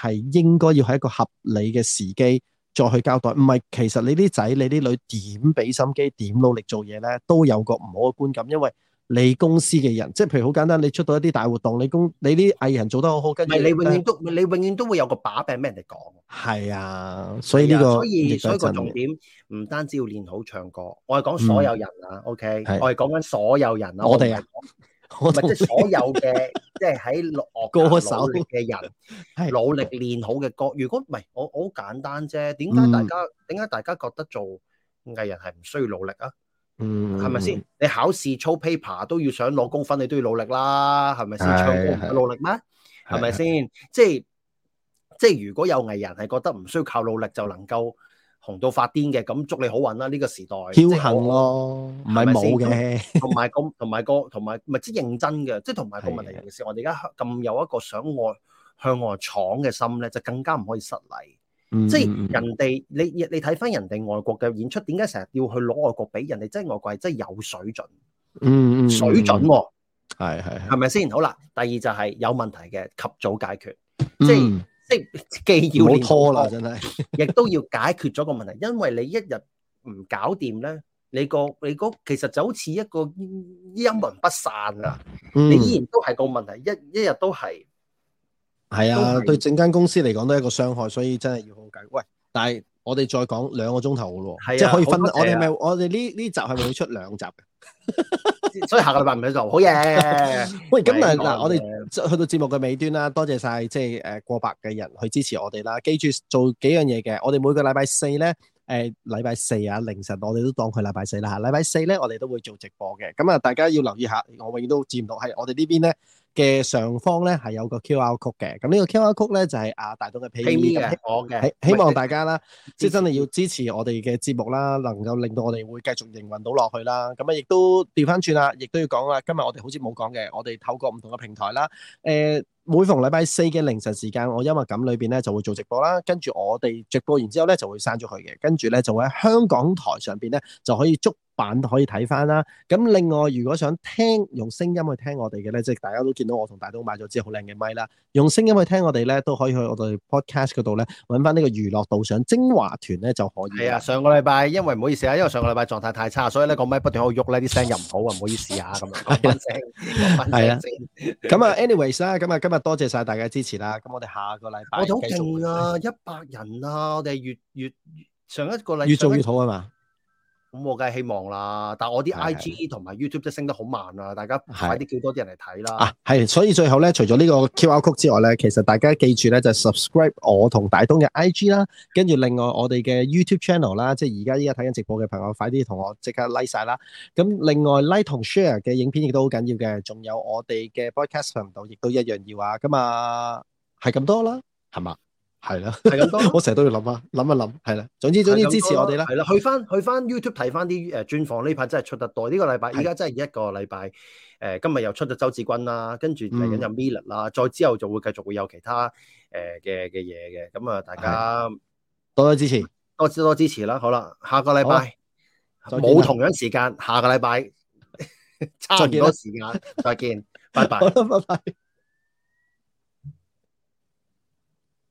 S1: 係應該要喺一個合理嘅時機再去交代，唔係其實你啲仔你啲女點俾心機點努力做嘢呢，都有個唔好嘅觀感，因為。你公司嘅人，即係譬如好簡單，你出到一啲大活動，你公你啲藝人做得好好，跟住唔係你永遠都
S2: 你永遠都會有個把柄俾人哋講。係啊，所以呢個所以所以個重點唔單止要練好唱歌，我係講所有人啊，OK，我係講緊所有人啊，我哋啊，唔係即係所有嘅，即係喺樂歌手嘅人努力練好嘅歌。如果唔係我我好簡單啫，點解大家點解大家覺得做藝人係唔需要努力啊？嗯，係咪先？你考試操 paper 都要想攞高分，你都要努力啦，係咪先？唱歌唔使努力咩？係咪先？即係即係，如果有藝人係覺得唔需要靠努力就能夠紅到發癲嘅，咁祝你好運啦！呢個時代僥倖
S3: 咯，唔係冇嘅。
S2: 同埋個同埋個同埋咪即認真嘅，即係同埋個問題其實，我哋而家咁有一個想外向外闖嘅心咧，就更加唔可以失禮。即係人哋你你睇翻人哋外國嘅演出，點解成日要去攞外國比人哋？真係外國係真係有水準，嗯，
S3: 水準喎、
S2: 啊，係係咪先？嗯、吧好啦，第二就係有問題嘅及早解決，即係、嗯、即係
S3: 既要唔好拖啦，真係，
S2: 亦都要解決咗個問題， 因為你一日唔搞掂咧，你個你嗰其實就好似一個陰魂不散啊，嗯、你依然都係個問題，一一日都係。
S1: 係啊，是對整間公司嚟講都係一個傷害，所以真係要好計。喂，但係我哋再講兩個鐘頭嘅咯，是啊、即係可以分。啊、我哋係咪我哋呢呢集係咪會出兩集嘅，
S2: 所以下個禮拜唔得咯。 好嘢！耶。 喂，咁啊嗱，我
S1: 哋去到節目嘅尾端啦，多謝晒即係誒過百嘅人去支持我哋啦。記住做幾樣嘢嘅，我哋每個禮拜四咧，誒禮拜四啊凌晨，我哋都當佢禮拜四啦吓。禮拜四咧，我哋
S2: 都會做直播嘅。咁
S1: 啊，大家要留意一下，我永遠都接唔到係我哋呢邊咧，嘅上方咧係有個 QR code 嘅，咁呢個 QR code 咧就係啊大東嘅披衣嘅，我嘅，
S3: 希希望大
S1: 家啦，即係真係要支持我哋嘅節目啦，能夠令到我哋會繼續營運到落去啦。咁啊，亦都調翻轉啦，亦都要講啦。今日我哋好似冇講嘅，我哋透過唔同嘅平台啦，誒，每逢禮拜四嘅凌晨時間，我音樂感裏邊咧就會做直播啦，跟住我哋直播完之後咧就會刪咗佢嘅，跟住咧就會喺香港台上邊咧就可以捉。版都可以睇翻啦。咁另外，如果想聽用聲音去聽我哋嘅咧，即係大家都見到我
S2: 同大東買咗支好靚嘅咪啦。
S1: 用聲音去聽我哋咧，都，都可以去我哋 podcast 嗰度咧揾翻呢個娛樂導賞精華團咧就可以。係啊，
S2: 上個禮拜因為唔好意思啊，因為上個禮拜狀態太差，所以咧個麥不斷喺度喐啦，啲聲又唔好啊，唔好意思啊咁樣。係啊，咁啊
S1: ，anyways 啦，咁啊，今日多謝晒大家支持啦。咁我哋下個禮拜好勁
S2: 啊，一百人啊，我哋越越上一個禮。個越做越好係嘛？咁、嗯、我梗係希望啦，但係我啲 IG 同埋 YouTube 都升得好慢啊！的大家快啲叫多啲人嚟睇啦。啊，
S1: 係，所以最後咧，除咗呢個 QR Code 之外咧，其實大家記住咧，就是、subscribe 我同大東嘅 IG 啦，跟住另外我哋嘅 YouTube channel 啦，即係而家依家睇緊直播嘅朋友，快啲同我即刻 like 晒啦。咁另外 like 同 share 嘅影片亦都好緊要嘅，仲有我哋嘅 podcast 頻道亦都一樣要啊。咁啊，係咁多啦，係嘛？係啦，係咁多， 我成日都要諗啊，諗一諗，係啦，總之總之支持我哋啦，係啦，去
S2: 翻去翻 YouTube 睇翻啲誒專訪呢排真係出得多呢，這個禮拜，而家真係一個禮拜，誒對、呃、今日又出咗周志軍啦，跟住嚟緊就 Miller 啦，嗯，再之後就會繼續會有其他誒嘅嘅嘢嘅，咁啊大家多多支持，多支多支持啦，好啦，下個禮拜冇同樣時間，下個禮拜 啦差唔多時間，再見， 拜拜，拜拜。